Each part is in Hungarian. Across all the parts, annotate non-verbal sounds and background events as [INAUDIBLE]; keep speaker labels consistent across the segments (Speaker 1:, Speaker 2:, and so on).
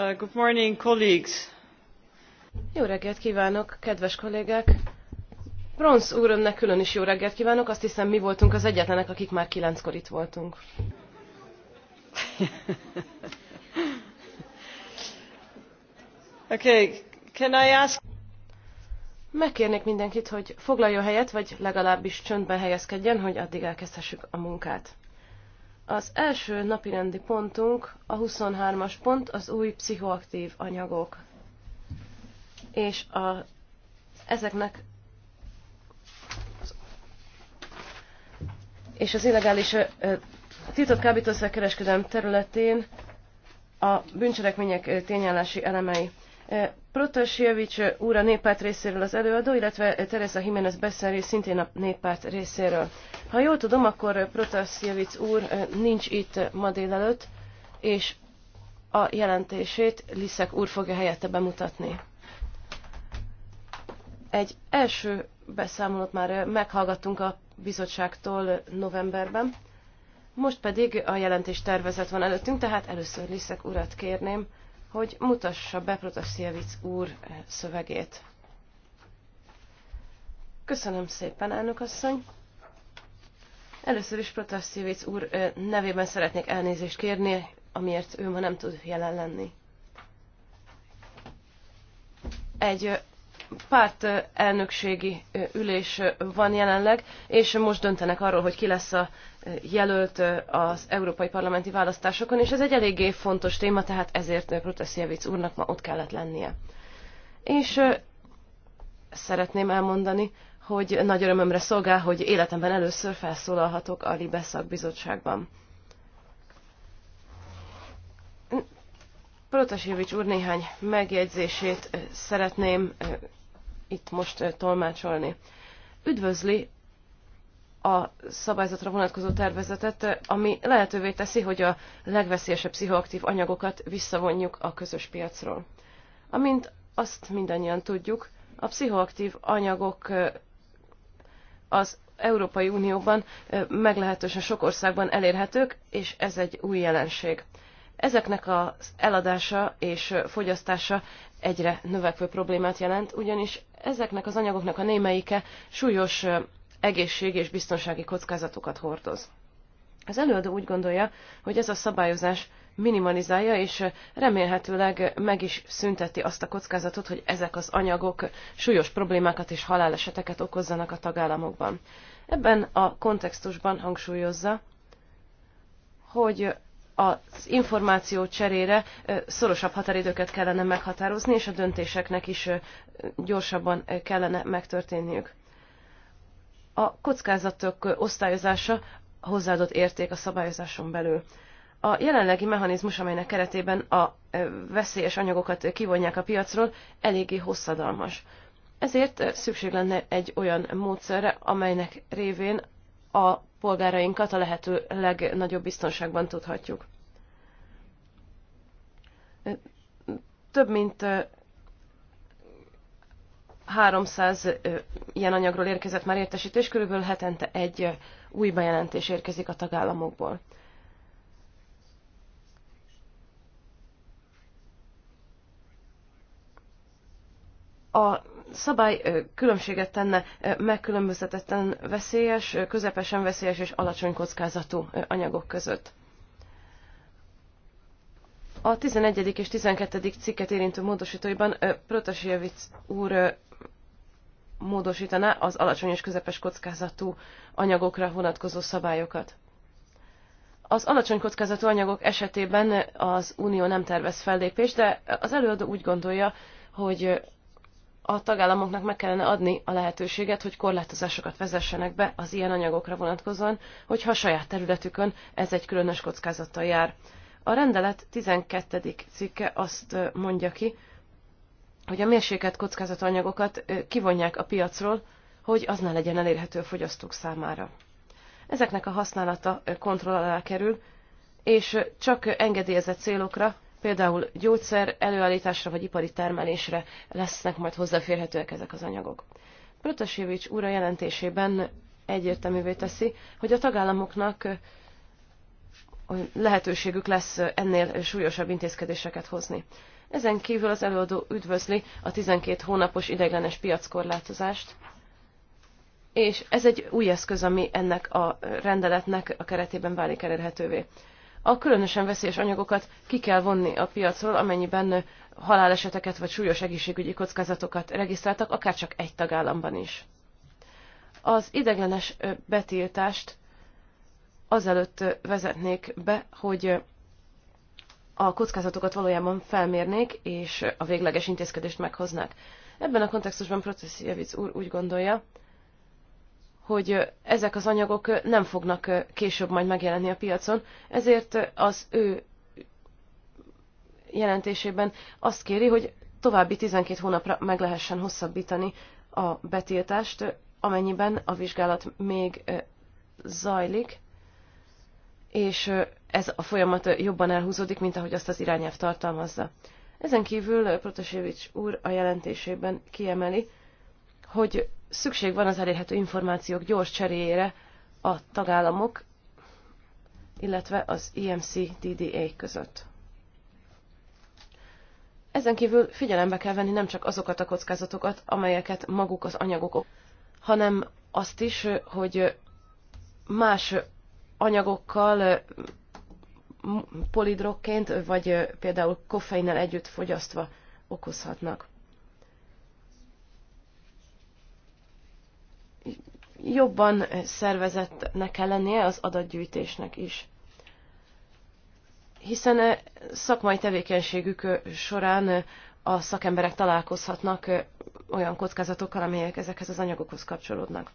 Speaker 1: Uh, good morning, colleagues.
Speaker 2: Jó reggelt kívánok, kedves kollégák! Bronz úr, önnek külön is jó reggelt kívánok, azt hiszem mi voltunk az egyetlenek, akik már kilenckor itt voltunk. [LAUGHS] okay, can I ask... Megkérnék mindenkit, hogy foglaljon helyet, vagy legalábbis csöndben helyezkedjen, hogy addig elkezdhessük a munkát. Az első napirendi pontunk, a 23-as pont, az új pszichoaktív anyagok. És a, ezeknek és az illegális titott kábítószer kereskedelem területén a bűncselekmények tényállási elemei. Protasjevics úr a néppárt részéről az előadó, illetve Teresa Jiménez Beszeré szintén a néppárt részéről. Ha jól tudom, akkor Protasjevics úr nincs itt ma délelőtt, és a jelentését Liszek úr fogja helyette bemutatni. Egy első beszámolót már meghallgattunk a bizottságtól novemberben, most pedig a jelentés tervezet van előttünk, tehát először Liszek urat kérném, hogy mutassa be Protasievic úr eh, szövegét. Köszönöm szépen, elnök asszony! Először is Protasievic úr eh, nevében szeretnék elnézést kérni, amiért ő ma nem tud jelen lenni. Egy eh, párt elnökségi ülés van jelenleg, és most döntenek arról, hogy ki lesz a jelölt az európai parlamenti választásokon, és ez egy eléggé fontos téma, tehát ezért Protasiewicz úrnak ma ott kellett lennie. És szeretném elmondani, hogy nagy örömömre szolgál, hogy életemben először felszólalhatok a Libeszak bizottságban. Protasevics úr néhány megjegyzését szeretném itt most tolmácsolni. Üdvözli a szabályzatra vonatkozó tervezetet, ami lehetővé teszi, hogy a legveszélyesebb pszichoaktív anyagokat visszavonjuk a közös piacról. Amint azt mindannyian tudjuk, a pszichoaktív anyagok az Európai Unióban meglehetősen sok országban elérhetők, és ez egy új jelenség. Ezeknek az eladása és fogyasztása egyre növekvő problémát jelent, ugyanis Ezeknek az anyagoknak a némelyike súlyos egészség és biztonsági kockázatokat hordoz. Az előadó úgy gondolja, hogy ez a szabályozás minimalizálja, és remélhetőleg meg is szünteti azt a kockázatot, hogy ezek az anyagok súlyos problémákat és haláleseteket okozzanak a tagállamokban. Ebben a kontextusban hangsúlyozza, hogy az információ cserére szorosabb határidőket kellene meghatározni, és a döntéseknek is gyorsabban kellene megtörténniük. A kockázatok osztályozása hozzáadott érték a szabályozáson belül. A jelenlegi mechanizmus, amelynek keretében a veszélyes anyagokat kivonják a piacról, eléggé hosszadalmas. Ezért szükség lenne egy olyan módszerre, amelynek révén a polgárainkat a lehető legnagyobb biztonságban tudhatjuk. Több mint 300 ilyen anyagról érkezett már értesítés, körülbelül hetente egy új bejelentés érkezik a tagállamokból. A szabály különbséget tenne megkülönböztetetten veszélyes, közepesen veszélyes és alacsony kockázatú anyagok között. A 11. és 12. cikket érintő módosítóiban Protasievic úr módosítaná az alacsony és közepes kockázatú anyagokra vonatkozó szabályokat. Az alacsony kockázatú anyagok esetében az Unió nem tervez fellépést, de az előadó úgy gondolja, hogy a tagállamoknak meg kellene adni a lehetőséget, hogy korlátozásokat vezessenek be az ilyen anyagokra vonatkozóan, hogyha a saját területükön ez egy különös kockázattal jár. A rendelet 12. cikke azt mondja ki, hogy a mérsékelt kockázatanyagokat kivonják a piacról, hogy az ne legyen elérhető a fogyasztók számára. Ezeknek a használata kontroll alá kerül, és csak engedélyezett célokra, például gyógyszer előállításra vagy ipari termelésre lesznek majd hozzáférhetőek ezek az anyagok. Protasevics úr a jelentésében egyértelművé teszi, hogy a tagállamoknak lehetőségük lesz ennél súlyosabb intézkedéseket hozni. Ezen kívül az előadó üdvözli a 12 hónapos ideiglenes piackorlátozást, és ez egy új eszköz, ami ennek a rendeletnek a keretében válik elérhetővé a különösen veszélyes anyagokat ki kell vonni a piacról, amennyiben haláleseteket vagy súlyos egészségügyi kockázatokat regisztráltak, akár csak egy tagállamban is. Az ideglenes betiltást azelőtt vezetnék be, hogy a kockázatokat valójában felmérnék, és a végleges intézkedést meghoznák. Ebben a kontextusban Protasievic úr úgy gondolja, hogy ezek az anyagok nem fognak később majd megjelenni a piacon, ezért az ő jelentésében azt kéri, hogy további 12 hónapra meg lehessen hosszabbítani a betiltást, amennyiben a vizsgálat még zajlik, és ez a folyamat jobban elhúzódik, mint ahogy azt az irányelv tartalmazza. Ezen kívül Protasevics úr a jelentésében kiemeli, hogy szükség van az elérhető információk gyors cseréjére a tagállamok, illetve az EMC DDA között. Ezen kívül figyelembe kell venni nem csak azokat a kockázatokat, amelyeket maguk az anyagok, hanem azt is, hogy más anyagokkal polidrokként, vagy például koffeinnel együtt fogyasztva okozhatnak. jobban szervezettnek kell lennie az adatgyűjtésnek is. Hiszen szakmai tevékenységük során a szakemberek találkozhatnak olyan kockázatokkal, amelyek ezekhez az anyagokhoz kapcsolódnak.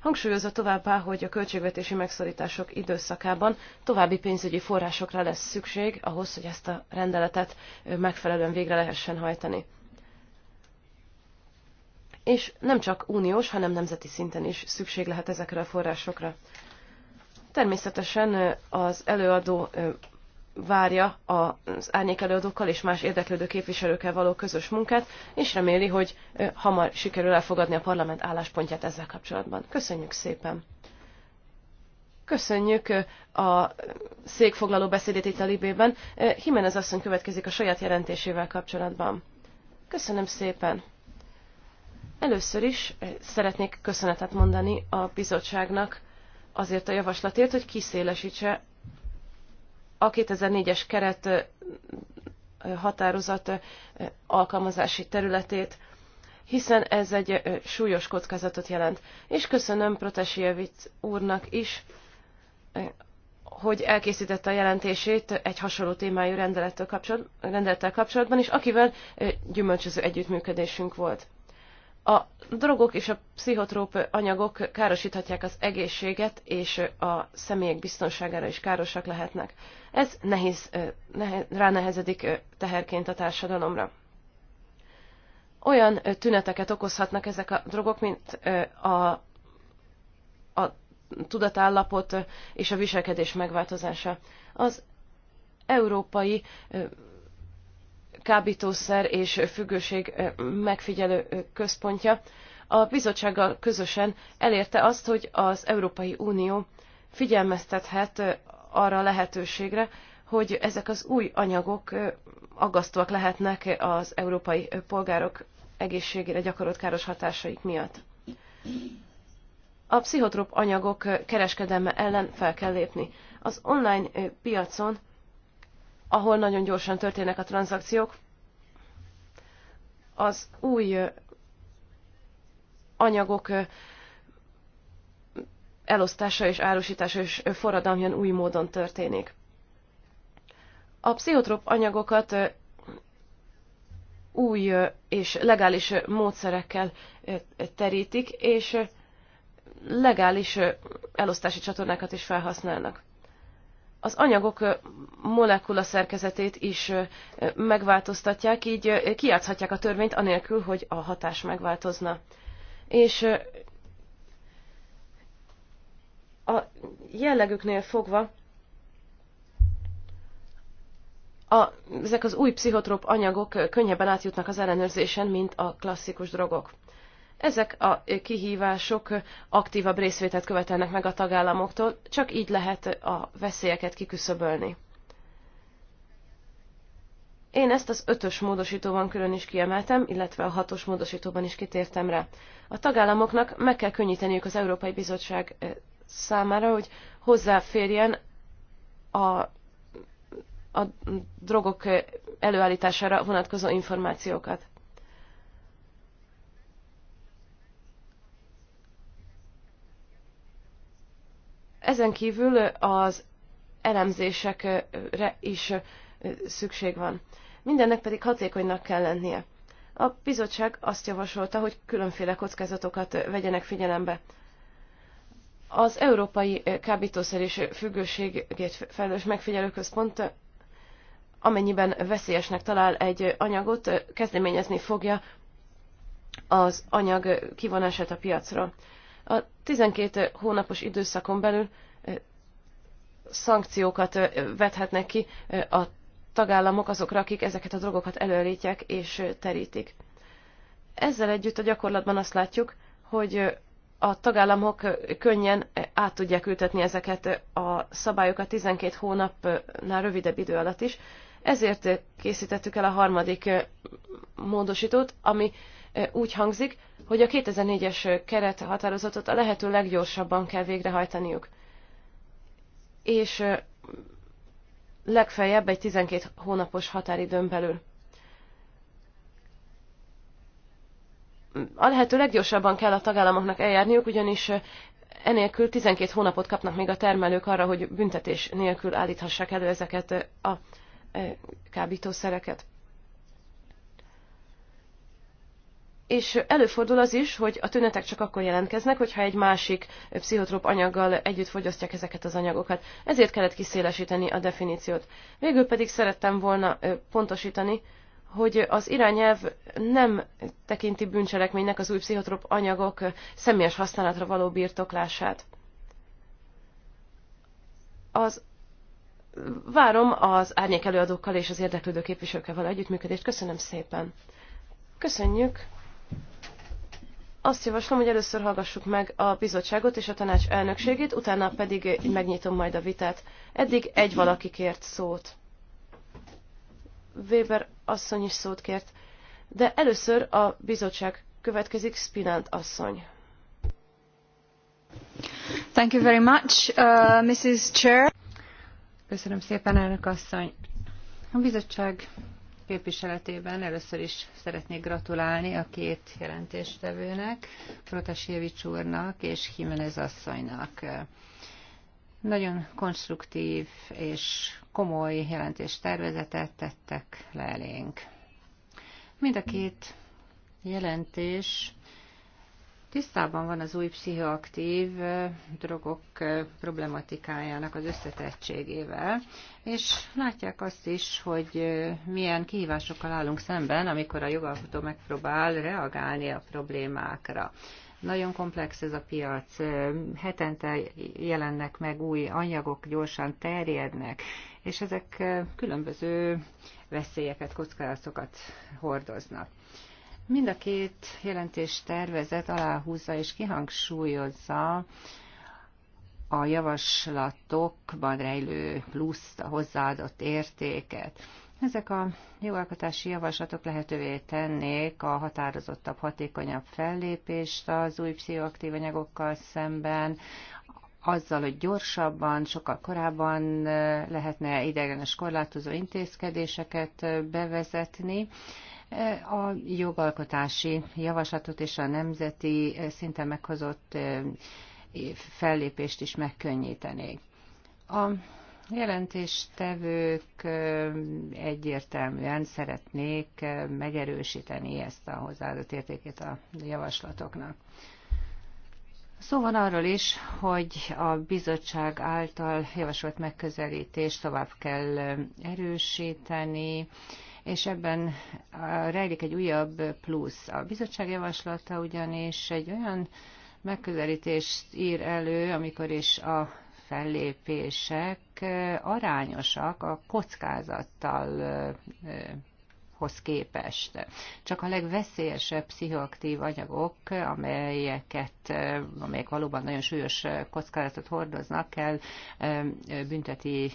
Speaker 2: Hangsúlyozza továbbá, hogy a költségvetési megszorítások időszakában további pénzügyi forrásokra lesz szükség ahhoz, hogy ezt a rendeletet megfelelően végre lehessen hajtani és nem csak uniós, hanem nemzeti szinten is szükség lehet ezekre a forrásokra. Természetesen az előadó várja az árnyék előadókkal és más érdeklődő képviselőkkel való közös munkát, és reméli, hogy hamar sikerül elfogadni a parlament álláspontját ezzel kapcsolatban. Köszönjük szépen! Köszönjük a székfoglaló beszédét itt a Libében. Jimenez asszony következik a saját jelentésével kapcsolatban. Köszönöm szépen! Először is eh, szeretnék köszönetet mondani a bizottságnak azért a javaslatért, hogy kiszélesítse a 2004-es keret eh, határozat eh, alkalmazási területét, hiszen ez egy súlyos kockázatot jelent. És köszönöm Protesievic úrnak is, hogy elkészítette a jelentését egy hasonló témájú rendelettel kapcsolatban, és akivel gyümölcsöző együttműködésünk volt. A drogok és a pszichotróp anyagok károsíthatják az egészséget, és a személyek biztonságára is károsak lehetnek. Ez nehéz, ránehezedik teherként a társadalomra. Olyan tüneteket okozhatnak ezek a drogok, mint a, a tudatállapot és a viselkedés megváltozása. Az európai kábítószer és függőség megfigyelő központja a bizottsággal közösen elérte azt, hogy az Európai Unió figyelmeztethet arra a lehetőségre, hogy ezek az új anyagok aggasztóak lehetnek az európai polgárok egészségére gyakorolt káros hatásaik miatt. A pszichotróp anyagok kereskedelme ellen fel kell lépni. Az online piacon ahol nagyon gyorsan történnek a tranzakciók, az új anyagok elosztása és árusítása és forradalmian új módon történik. A pszichotrop anyagokat új és legális módszerekkel terítik, és legális elosztási csatornákat is felhasználnak az anyagok molekula szerkezetét is megváltoztatják, így kiátszhatják a törvényt anélkül, hogy a hatás megváltozna. És a jellegüknél fogva a, ezek az új pszichotróp anyagok könnyebben átjutnak az ellenőrzésen, mint a klasszikus drogok. Ezek a kihívások aktívabb részvételt követelnek meg a tagállamoktól, csak így lehet a veszélyeket kiküszöbölni. Én ezt az ötös módosítóban külön is kiemeltem, illetve a hatos módosítóban is kitértem rá. A tagállamoknak meg kell könnyíteniük az Európai Bizottság eh, számára, hogy hozzáférjen a, a drogok eh, előállítására vonatkozó információkat. Ezen kívül az elemzésekre is szükség van. Mindennek pedig hatékonynak kell lennie. A bizottság azt javasolta, hogy különféle kockázatokat vegyenek figyelembe. Az Európai Kábítószer és Függőségét Felelős Megfigyelőközpont amennyiben veszélyesnek talál egy anyagot, kezdeményezni fogja az anyag kivonását a piacra. A 12 hónapos időszakon belül szankciókat vethetnek ki a tagállamok azokra, akik ezeket a drogokat előállítják és terítik. Ezzel együtt a gyakorlatban azt látjuk, hogy a tagállamok könnyen át tudják ültetni ezeket a szabályokat 12 hónapnál rövidebb idő alatt is. Ezért készítettük el a harmadik módosítót, ami úgy hangzik, hogy a 2004-es határozatot a lehető leggyorsabban kell végrehajtaniuk. És legfeljebb egy 12 hónapos határidőn belül. A lehető leggyorsabban kell a tagállamoknak eljárniuk, ugyanis enélkül 12 hónapot kapnak még a termelők arra, hogy büntetés nélkül állíthassák elő ezeket a kábítószereket. és előfordul az is, hogy a tünetek csak akkor jelentkeznek, hogyha egy másik pszichotróp anyaggal együtt fogyasztják ezeket az anyagokat. Ezért kellett kiszélesíteni a definíciót. Végül pedig szerettem volna pontosítani, hogy az irányelv nem tekinti bűncselekménynek az új pszichotróp anyagok személyes használatra való birtoklását. Az Várom az árnyék előadókkal és az érdeklődő képviselőkkel való együttműködést. Köszönöm szépen. Köszönjük azt javaslom, hogy először hallgassuk meg a bizottságot és a tanács elnökségét, utána pedig megnyitom majd a vitát. Eddig egy valaki kért szót. Weber asszony is szót kért. De először a bizottság következik, Spinant asszony.
Speaker 3: Thank you very much, uh, Mrs. Chair. Köszönöm szépen, elnök asszony. A bizottság képviseletében először is szeretnék gratulálni a két jelentéstevőnek, Protasievics úrnak és Jimenez asszonynak. Nagyon konstruktív és komoly jelentéstervezetet tettek le elénk. Mind a két jelentés tisztában van az új pszichoaktív drogok problematikájának az összetettségével, és látják azt is, hogy milyen kihívásokkal állunk szemben, amikor a jogalkotó megpróbál reagálni a problémákra. Nagyon komplex ez a piac, hetente jelennek meg új anyagok, gyorsan terjednek, és ezek különböző veszélyeket, kockázatokat hordoznak. Mind a két jelentés tervezet aláhúzza és kihangsúlyozza a javaslatokban rejlő pluszt, a hozzáadott értéket. Ezek a jogalkotási javaslatok lehetővé tennék a határozottabb, hatékonyabb fellépést az új pszichoaktív anyagokkal szemben, azzal, hogy gyorsabban, sokkal korábban eh, lehetne ideiglenes korlátozó intézkedéseket eh, bevezetni, a jogalkotási javaslatot és a nemzeti szinten meghozott eh, fellépést is megkönnyítenék. A jelentéstevők eh, egyértelműen szeretnék eh, megerősíteni ezt a hozzáadott értékét a javaslatoknak. Szó van arról is, hogy a bizottság által javasolt megközelítést tovább kell erősíteni, és ebben rejlik egy újabb plusz. A bizottság javaslata ugyanis egy olyan megközelítést ír elő, amikor is a fellépések arányosak a kockázattal hoz képest. Csak a legveszélyesebb pszichoaktív anyagok, amelyeket, amelyek valóban nagyon súlyos kockázatot hordoznak, kell bünteti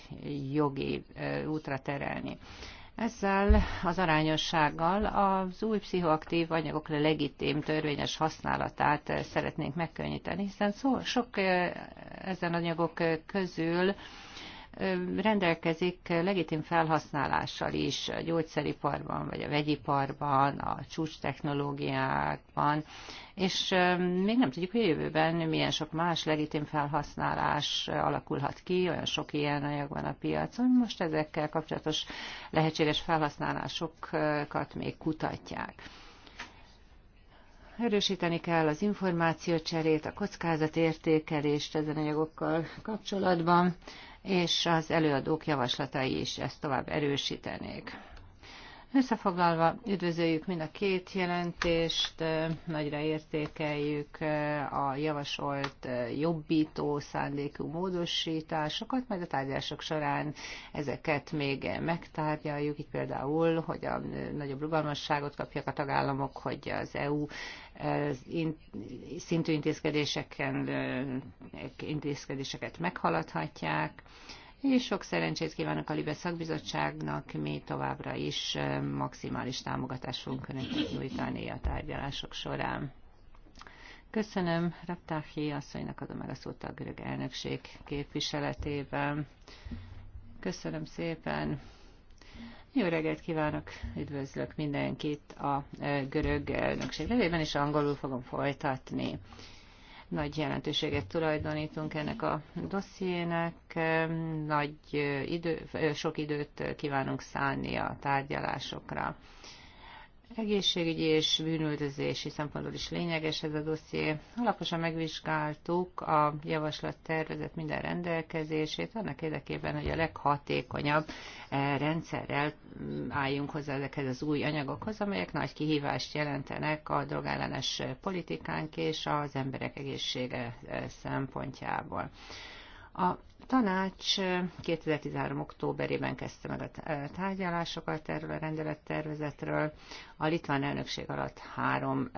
Speaker 3: jogi útra terelni. Ezzel az arányossággal az új pszichoaktív anyagok legitim törvényes használatát szeretnénk megkönnyíteni, hiszen szó, sok eh, ezen anyagok eh, közül rendelkezik legitim felhasználással is a gyógyszeriparban, vagy a vegyiparban, a csúcstechnológiákban, és még nem tudjuk, hogy a jövőben milyen sok más legitim felhasználás alakulhat ki, olyan sok ilyen anyag van a piacon, most ezekkel kapcsolatos lehetséges felhasználásokat még kutatják erősíteni kell az információcserét, a kockázatértékelést ezen anyagokkal kapcsolatban, és az előadók javaslatai is ezt tovább erősítenék. Összefoglalva üdvözöljük mind a két jelentést, nagyra értékeljük a javasolt jobbító szándékú módosításokat, majd a tárgyalások során ezeket még megtárgyaljuk, így például, hogy a nagyobb rugalmasságot kapják a tagállamok, hogy az EU szintű intézkedéseken, intézkedéseket meghaladhatják, és sok szerencsét kívánok a Libe szakbizottságnak, mi továbbra is maximális támogatást fogunk önöknek nyújtani a tárgyalások során. Köszönöm Raptáhi asszonynak adom meg a szót a görög elnökség képviseletében. Köszönöm szépen. Jó reggelt kívánok, üdvözlök mindenkit a görög elnökség nevében, és angolul fogom folytatni. Nagy jelentőséget tulajdonítunk ennek a dossziének, nagy idő, sok időt kívánunk szállni a tárgyalásokra egészségügyi és bűnöldözési szempontból is lényeges ez a dosszié. Alaposan megvizsgáltuk a javaslat tervezet minden rendelkezését, annak érdekében, hogy a leghatékonyabb eh, rendszerrel mm, álljunk hozzá ezekhez az új anyagokhoz, amelyek nagy kihívást jelentenek a drogellenes politikánk és az emberek egészsége eh, szempontjából. A tanács 2013. októberében kezdte meg a tárgyalásokat erről a rendelettervezetről. A litván elnökség alatt három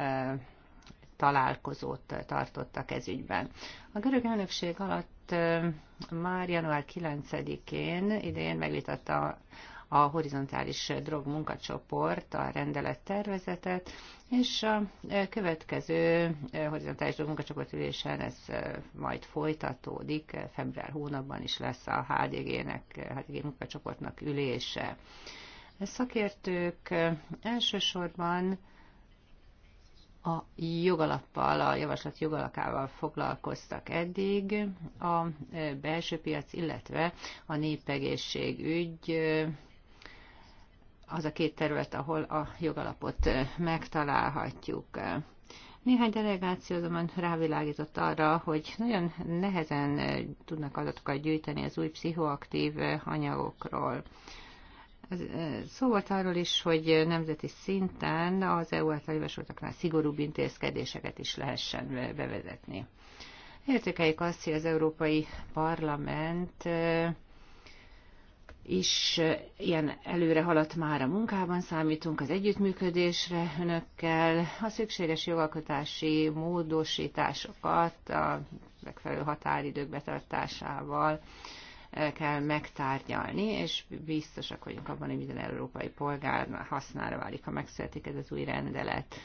Speaker 3: találkozót tartottak ez ügyben. A görög elnökség alatt már január 9-én idén megvitatta a horizontális drogmunkacsoport a rendelet tervezetet, és a következő eh, horizontális drogmunkacsoport ülésen ez eh, majd folytatódik, eh, február hónapban is lesz a HDG-nek, HDG munkacsoportnak ülése. A szakértők elsősorban a jogalappal, a javaslat jogalakával foglalkoztak eddig, a belső piac, illetve a népegészségügy az a két terület, ahol a jogalapot megtalálhatjuk. Néhány delegáció azonban rávilágított arra, hogy nagyon nehezen tudnak adatokat gyűjteni az új pszichoaktív anyagokról. Szó volt arról is, hogy nemzeti szinten az EU által javasoltaknál szigorúbb intézkedéseket is lehessen bevezetni. Értékeljük azt, hogy az Európai Parlament is ilyen előre haladt már a munkában, számítunk az együttműködésre önökkel, a szükséges jogalkotási módosításokat a megfelelő határidők betartásával kell megtárgyalni, és biztosak vagyunk abban, hogy minden európai polgár hasznára válik, ha megszületik ez az új rendelet.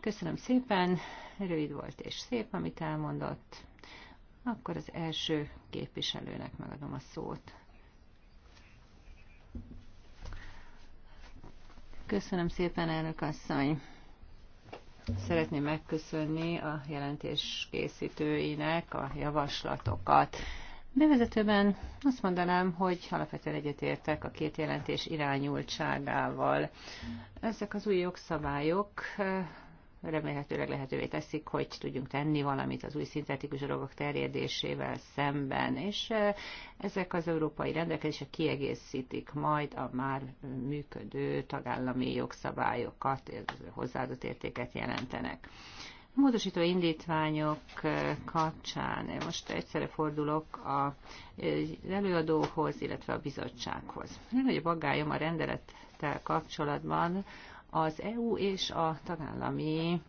Speaker 3: Köszönöm szépen, rövid volt és szép, amit elmondott. Akkor az első képviselőnek megadom a szót. Köszönöm szépen, elnök asszony. Szeretném megköszönni a jelentés készítőinek a javaslatokat. Bevezetőben azt mondanám, hogy alapvetően egyetértek a két jelentés irányultságával. Ezek az új jogszabályok remélhetőleg lehetővé teszik, hogy tudjunk tenni valamit az új szintetikus drogok terjedésével szemben, és ezek az európai rendelkezések kiegészítik majd a már működő tagállami jogszabályokat, hozzáadott értéket jelentenek. A módosító indítványok kapcsán most egyszerre fordulok a előadóhoz, illetve a bizottsághoz. Legnagyobb aggályom a rendelettel kapcsolatban az EU és a tagállami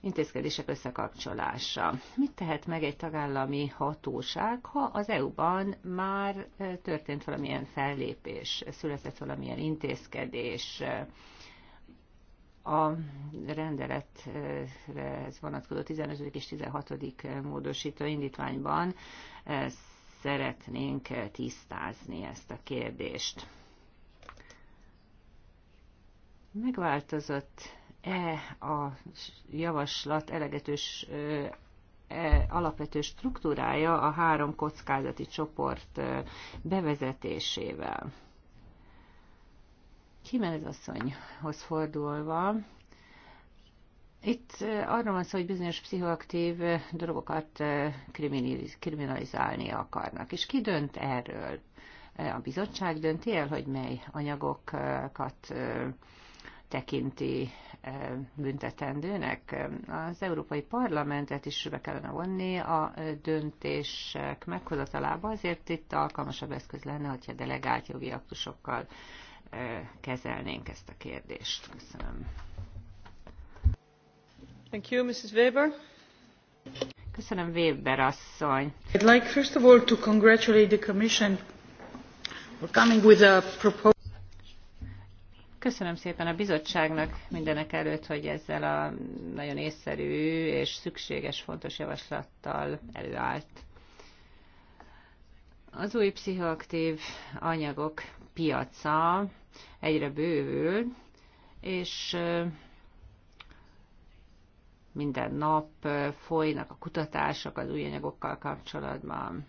Speaker 3: intézkedések összekapcsolása. Mit tehet meg egy tagállami hatóság, ha az EU-ban már történt valamilyen fellépés, született valamilyen intézkedés, a rendeletre ez vonatkozó 15. és 16. módosító indítványban szeretnénk tisztázni ezt a kérdést megváltozott-e a javaslat elegetős e, alapvető struktúrája a három kockázati csoport bevezetésével. Kimenez asszonyhoz fordulva, itt arról van szó, hogy bizonyos pszichoaktív drogokat kriminalizálni akarnak. És ki dönt erről? A bizottság dönti el, hogy mely anyagokat tekinti eh, büntetendőnek. Az Európai Parlamentet is be kellene vonni a eh, döntések meghozatalába, azért itt alkalmasabb eszköz lenne, hogyha delegált jogi aktusokkal eh, kezelnénk ezt a kérdést. Köszönöm. Thank you, Mrs. Weber. Köszönöm, Weber asszony. I'd like
Speaker 4: first of
Speaker 1: all to congratulate the Commission for coming with a proposal.
Speaker 3: Köszönöm szépen a bizottságnak mindenek előtt, hogy ezzel a nagyon észszerű és szükséges, fontos javaslattal előállt. Az új pszichoaktív anyagok piaca egyre bővül, és minden nap folynak a kutatások az új anyagokkal kapcsolatban.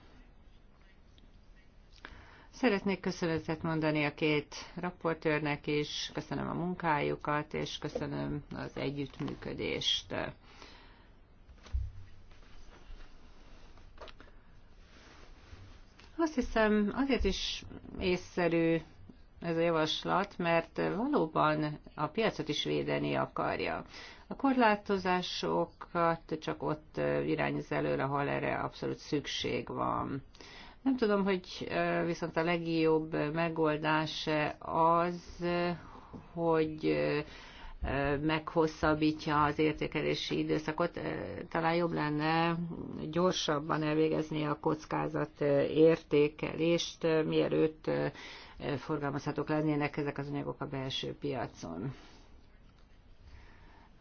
Speaker 3: Szeretnék köszönetet mondani a két raportőrnek is, köszönöm a munkájukat, és köszönöm az együttműködést. Azt hiszem, azért is észszerű ez a javaslat, mert valóban a piacot is védeni akarja. A korlátozásokat csak ott irányoz előre, ahol erre abszolút szükség van. Nem tudom, hogy viszont a legjobb megoldás az, hogy meghosszabbítja az értékelési időszakot. Talán jobb lenne gyorsabban elvégezni a kockázat értékelést, mielőtt forgalmazhatók lennének ezek az anyagok a belső piacon.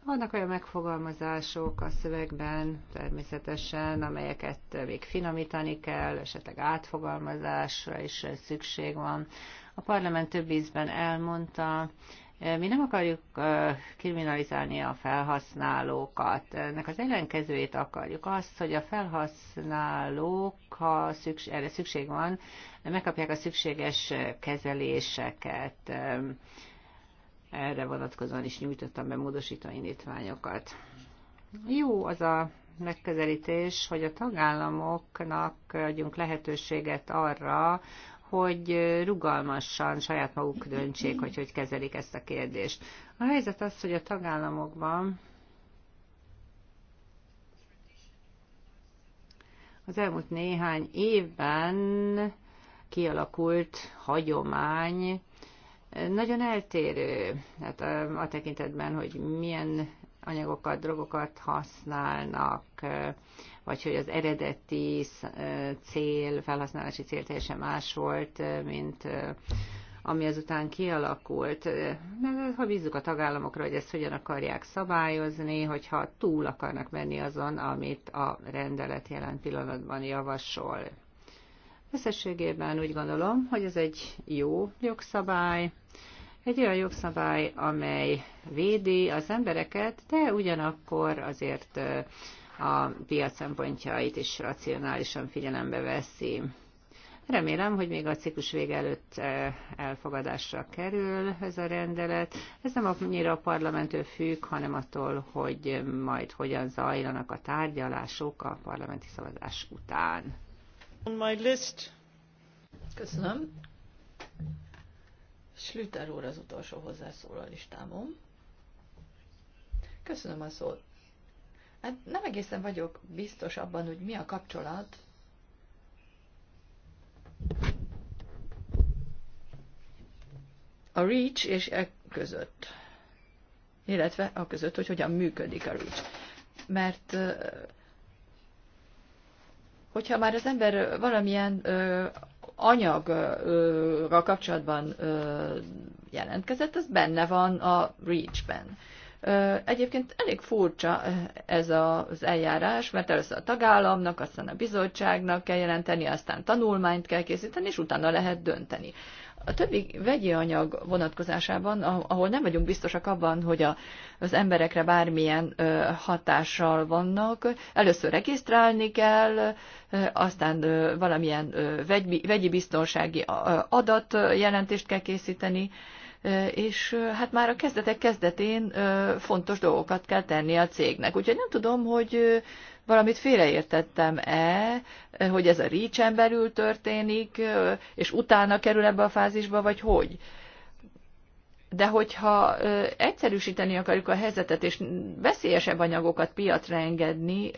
Speaker 3: Vannak olyan megfogalmazások a szövegben természetesen, amelyeket még finomítani kell, esetleg átfogalmazásra is szükség van. A parlament több ízben elmondta, mi nem akarjuk kriminalizálni a felhasználókat, ennek az ellenkezőjét akarjuk. Azt, hogy a felhasználók, ha szükség, erre szükség van, megkapják a szükséges kezeléseket erre vonatkozóan is nyújtottam be módosító indítványokat. Jó az a megközelítés, hogy a tagállamoknak adjunk lehetőséget arra, hogy rugalmasan saját maguk döntsék, hogy hogy kezelik ezt a kérdést. A helyzet az, hogy a tagállamokban az elmúlt néhány évben kialakult hagyomány nagyon eltérő hát a, a tekintetben, hogy milyen anyagokat, drogokat használnak, vagy hogy az eredeti cél, felhasználási cél teljesen más volt, mint ami azután kialakult. ha bízzuk a tagállamokra, hogy ezt hogyan akarják szabályozni, hogyha túl akarnak menni azon, amit a rendelet jelen pillanatban javasol. Összességében úgy gondolom, hogy ez egy jó jogszabály, egy olyan jogszabály, amely védi az embereket, de ugyanakkor azért a piac szempontjait is racionálisan figyelembe veszi. Remélem, hogy még a ciklus vége előtt elfogadásra kerül ez a rendelet. Ez nem annyira a parlamentől függ, hanem attól, hogy majd hogyan zajlanak a tárgyalások a parlamenti szavazás után. On
Speaker 1: my list. Köszönöm. Schlüter úr az utolsó hozzászól a listámon. Köszönöm a szót. Hát nem egészen vagyok biztos abban, hogy mi a kapcsolat a REACH és e között. Illetve a között, hogy hogyan működik a REACH. Mert hogyha már az ember valamilyen ö, anyaggal kapcsolatban ö, jelentkezett, az benne van a REACH-ben. Egyébként elég furcsa ez az eljárás, mert először a tagállamnak, aztán a bizottságnak kell jelenteni, aztán tanulmányt kell készíteni, és utána lehet dönteni. A többi vegyi anyag vonatkozásában, ah, ahol nem vagyunk biztosak abban, hogy a, az emberekre bármilyen ö, hatással vannak, először regisztrálni kell, ö, aztán ö, valamilyen ö, vegy, vegyi biztonsági adatjelentést kell készíteni, és hát már a kezdetek kezdetén fontos dolgokat kell tenni a cégnek. Úgyhogy nem tudom, hogy valamit félreértettem-e, hogy ez a rícsen belül történik, és utána kerül ebbe a fázisba, vagy hogy. De hogyha egyszerűsíteni akarjuk a helyzetet, és veszélyesebb anyagokat piacra engedni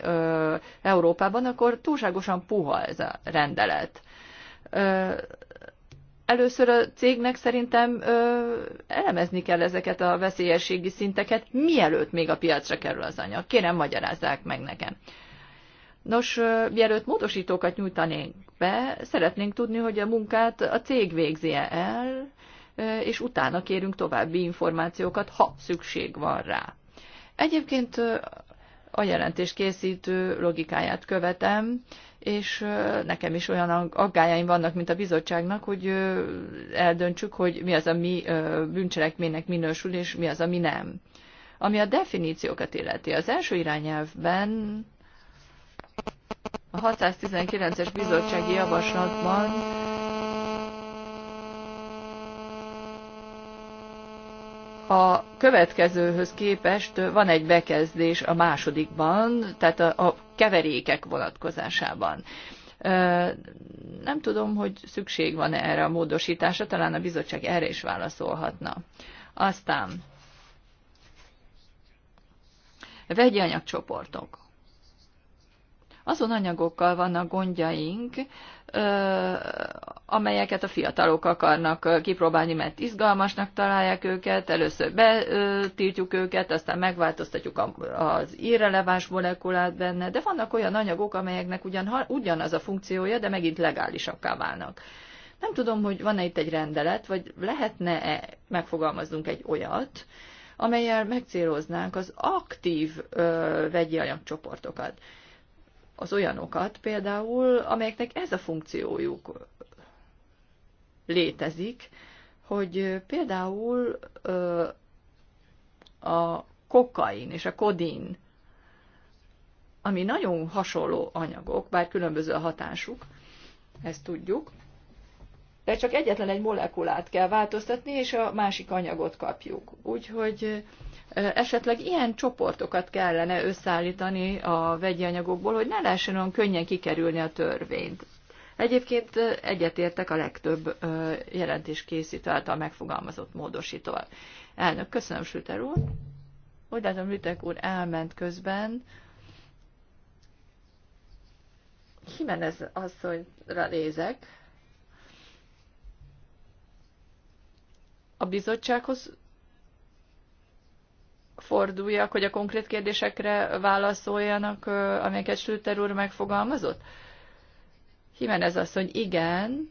Speaker 1: Európában, akkor túlságosan puha ez a rendelet először a cégnek szerintem ö, elemezni kell ezeket a veszélyességi szinteket, mielőtt még a piacra kerül az anyag. Kérem, magyarázzák meg nekem. Nos, mielőtt módosítókat nyújtanénk be, szeretnénk tudni, hogy a munkát a cég végzi -e el, és utána kérünk további információkat, ha szükség van rá. Egyébként a jelentés készítő logikáját követem, és nekem is olyan aggájaim vannak, mint a bizottságnak, hogy eldöntsük, hogy mi az, ami bűncselekménynek minősül, és mi az, ami nem. Ami a definíciókat illeti, az első irányelvben a 619-es bizottsági javaslatban a következőhöz képest van egy bekezdés a másodikban, tehát a, a keverékek vonatkozásában. Nem tudom, hogy szükség van -e erre a módosításra, talán a bizottság erre is válaszolhatna. Aztán vegyi anyagcsoportok azon anyagokkal vannak gondjaink, amelyeket a fiatalok akarnak kipróbálni, mert izgalmasnak találják őket, először betiltjuk őket, aztán megváltoztatjuk az irreleváns molekulát benne, de vannak olyan anyagok, amelyeknek ugyan, ugyanaz a funkciója, de megint legálisakká válnak. Nem tudom, hogy van-e itt egy rendelet, vagy lehetne-e megfogalmaznunk egy olyat, amelyel megcéloznánk az aktív ö, vegyi anyagcsoportokat az olyanokat például, amelyeknek ez a funkciójuk létezik, hogy például a kokain és a kodin, ami nagyon hasonló anyagok, bár különböző a hatásuk, ezt tudjuk, de csak egyetlen egy molekulát kell változtatni, és a másik anyagot kapjuk. Úgyhogy esetleg ilyen csoportokat kellene összeállítani a vegyi anyagokból, hogy ne lehessen olyan könnyen kikerülni a törvényt. Egyébként egyetértek a legtöbb jelentés készítő által megfogalmazott módosítóval. Elnök, köszönöm, Süter úr. Úgy látom, Lütek úr elment közben. Jimenez asszonyra nézek. a bizottsághoz forduljak, hogy a konkrét kérdésekre válaszoljanak, amelyeket Sülter úr megfogalmazott? Jimenez hogy igen,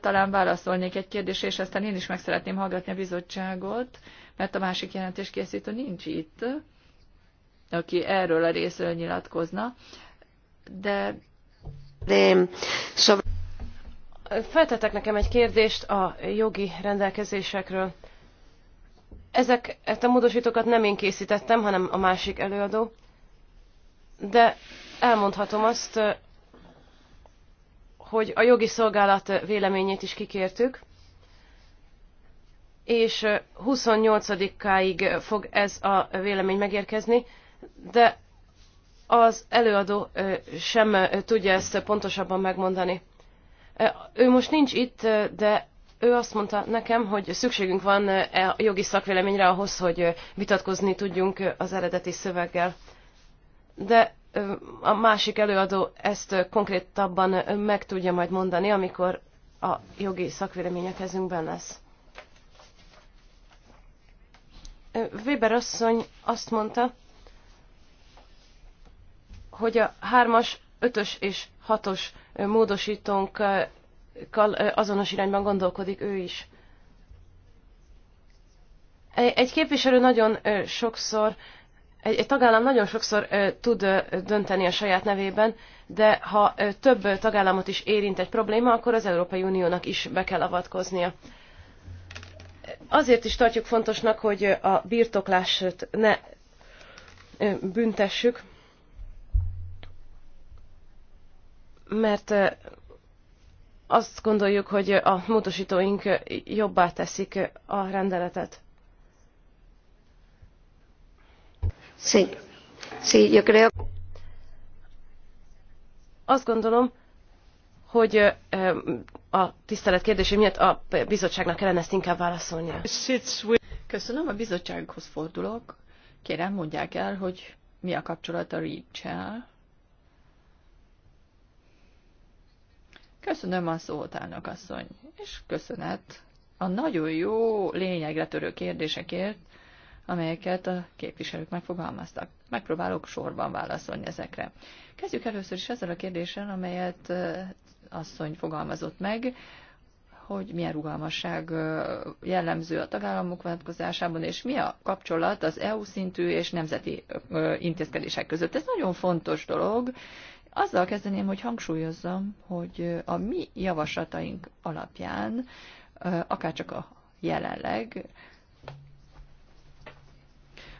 Speaker 1: talán válaszolnék egy kérdésre, és aztán én is meg szeretném hallgatni a bizottságot, mert a másik jelentés készítő nincs itt, aki
Speaker 2: erről a részről nyilatkozna. De... De... Sobre feltettek nekem egy kérdést a jogi rendelkezésekről. Ezeket a módosítókat nem én készítettem, hanem a másik előadó. De elmondhatom azt, hogy a jogi szolgálat véleményét is kikértük, és 28-áig fog ez a vélemény megérkezni, de az előadó sem tudja ezt pontosabban megmondani. Ő most nincs itt, de ő azt mondta nekem, hogy szükségünk van a e jogi szakvéleményre ahhoz, hogy vitatkozni tudjunk az eredeti szöveggel. De a másik előadó ezt konkrétabban meg tudja majd mondani, amikor a jogi szakvélemény a kezünkben lesz. Weber asszony azt mondta, hogy a hármas ötös és hatos módosítónkkal azonos irányban gondolkodik ő is. Egy képviselő nagyon sokszor, egy, egy tagállam nagyon sokszor tud dönteni a saját nevében, de ha több tagállamot is érint egy probléma, akkor az Európai Uniónak is be kell avatkoznia. Azért is tartjuk fontosnak, hogy a birtoklást ne büntessük, mert azt gondoljuk, hogy a módosítóink jobbá teszik a rendeletet.
Speaker 4: Sí. Sí, yo creo.
Speaker 2: Azt gondolom, hogy a tisztelet kérdése miatt a bizottságnak kellene ezt inkább válaszolnia. Köszönöm, a bizottsághoz fordulok. Kérem, mondják el, hogy mi a
Speaker 1: kapcsolat a REACH-el. Köszönöm a szót, elnök asszony, és köszönet a nagyon jó lényegre törő kérdésekért, amelyeket a képviselők megfogalmaztak. Megpróbálok sorban válaszolni ezekre. Kezdjük először is ezzel a kérdéssel, amelyet asszony fogalmazott meg, hogy milyen rugalmasság jellemző a tagállamok vonatkozásában, és mi a kapcsolat az EU szintű és nemzeti intézkedések között. Ez nagyon fontos dolog, azzal kezdeném, hogy hangsúlyozzam, hogy a mi javaslataink alapján, csak a jelenleg,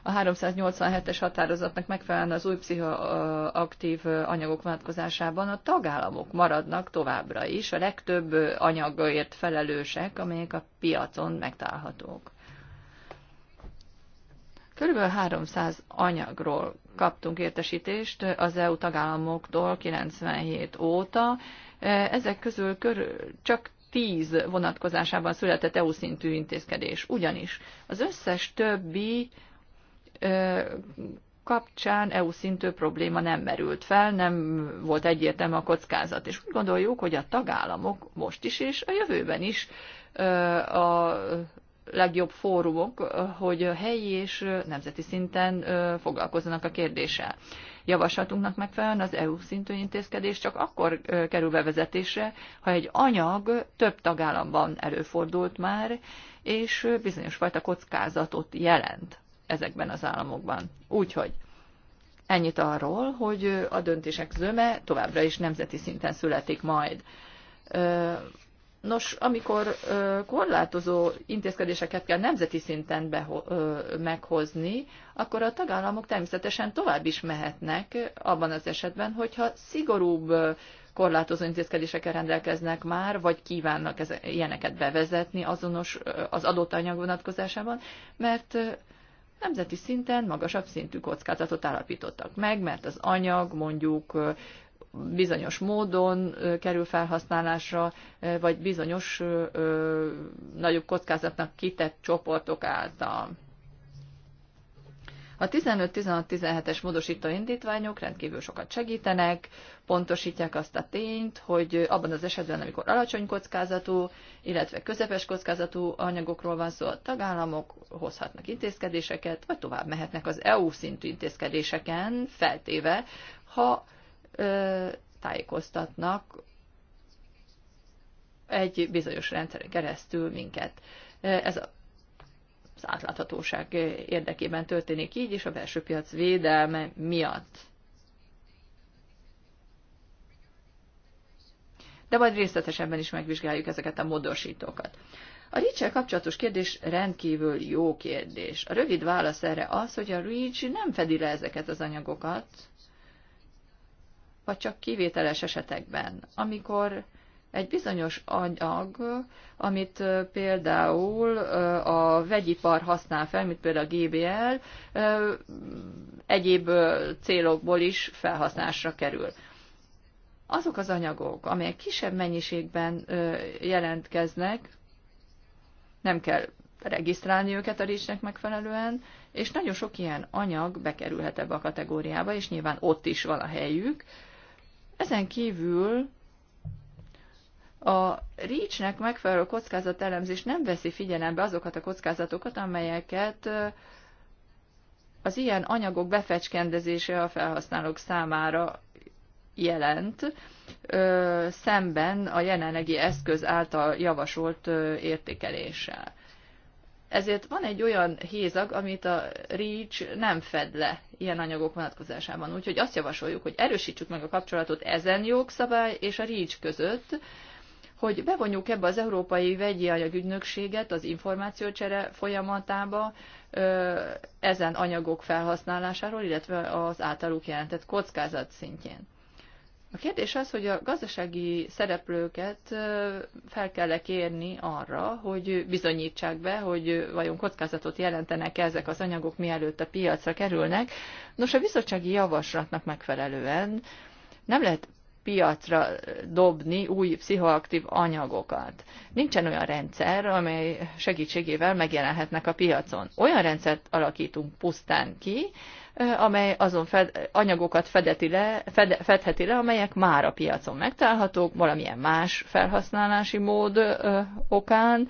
Speaker 1: a 387-es határozatnak megfelelően az új pszichoaktív anyagok vonatkozásában a tagállamok maradnak továbbra is a legtöbb anyagért felelősek, amelyek a piacon megtalálhatók. Körülbelül 300 anyagról kaptunk értesítést az EU tagállamoktól 97 óta. Ezek közül körül csak 10 vonatkozásában született EU szintű intézkedés. Ugyanis az összes többi kapcsán EU szintű probléma nem merült fel, nem volt egyértelmű a kockázat. És úgy gondoljuk, hogy a tagállamok most is és a jövőben is a legjobb fórumok, hogy helyi és nemzeti szinten foglalkozzanak a kérdéssel. Javaslatunknak megfelelően az EU szintű intézkedés csak akkor kerül bevezetésre, ha egy anyag több tagállamban előfordult már, és bizonyos fajta kockázatot jelent ezekben az államokban. Úgyhogy ennyit arról, hogy a döntések zöme továbbra is nemzeti szinten születik majd Nos, amikor korlátozó intézkedéseket kell nemzeti szinten beho- meghozni, akkor a tagállamok természetesen tovább is mehetnek abban az esetben, hogyha szigorúbb korlátozó intézkedésekkel rendelkeznek már, vagy kívánnak ez, ilyeneket bevezetni azonos az adott anyag vonatkozásában, mert nemzeti szinten magasabb szintű kockázatot állapítottak meg, mert az anyag mondjuk bizonyos módon kerül felhasználásra, vagy bizonyos nagyobb kockázatnak kitett csoportok által. A 15-16-17-es módosító indítványok rendkívül sokat segítenek, pontosítják azt a tényt, hogy abban az esetben, amikor alacsony kockázatú, illetve közepes kockázatú anyagokról van szó, a tagállamok hozhatnak intézkedéseket, vagy tovább mehetnek az EU szintű intézkedéseken, feltéve, ha tájékoztatnak egy bizonyos rendszeren keresztül minket. Ez a az átláthatóság érdekében történik így, és a belső piac védelme miatt. De majd részletesebben is megvizsgáljuk ezeket a módosítókat. A reach kapcsolatos kérdés rendkívül jó kérdés. A rövid válasz erre az, hogy a REACH nem fedi le ezeket az anyagokat, vagy csak kivételes esetekben, amikor egy bizonyos anyag, amit például a vegyipar használ fel, mint például a GBL, egyéb célokból is felhasználásra kerül. Azok az anyagok, amelyek kisebb mennyiségben jelentkeznek, nem kell regisztrálni őket a résznek megfelelően, és nagyon sok ilyen anyag bekerülhet ebbe a kategóriába, és nyilván ott is van a helyük, ezen kívül a REACH-nek megfelelő kockázatelemzés nem veszi figyelembe azokat a kockázatokat, amelyeket az ilyen anyagok befecskendezése a felhasználók számára jelent, szemben a jelenlegi eszköz által javasolt értékeléssel. Ezért van egy olyan hézag, amit a REACH nem fed le ilyen anyagok vonatkozásában. Úgyhogy azt javasoljuk, hogy erősítsük meg a kapcsolatot ezen jogszabály és a REACH között, hogy bevonjuk ebbe az Európai Vegyi Anyagügynökséget az információcsere folyamatába ezen anyagok felhasználásáról, illetve az általuk jelentett kockázat szintjén. A kérdés az, hogy a gazdasági szereplőket fel kell -e kérni arra, hogy bizonyítsák be, hogy vajon kockázatot jelentenek -e ezek az anyagok, mielőtt a piacra kerülnek. Nos, a bizottsági javaslatnak megfelelően nem lehet piacra dobni új pszichoaktív anyagokat. Nincsen olyan rendszer, amely segítségével megjelenhetnek a piacon. Olyan rendszert alakítunk pusztán ki, amely azon fed, anyagokat fedeti le, fed, fedheti le, amelyek már a piacon megtalálhatók, valamilyen más felhasználási mód ö, okán,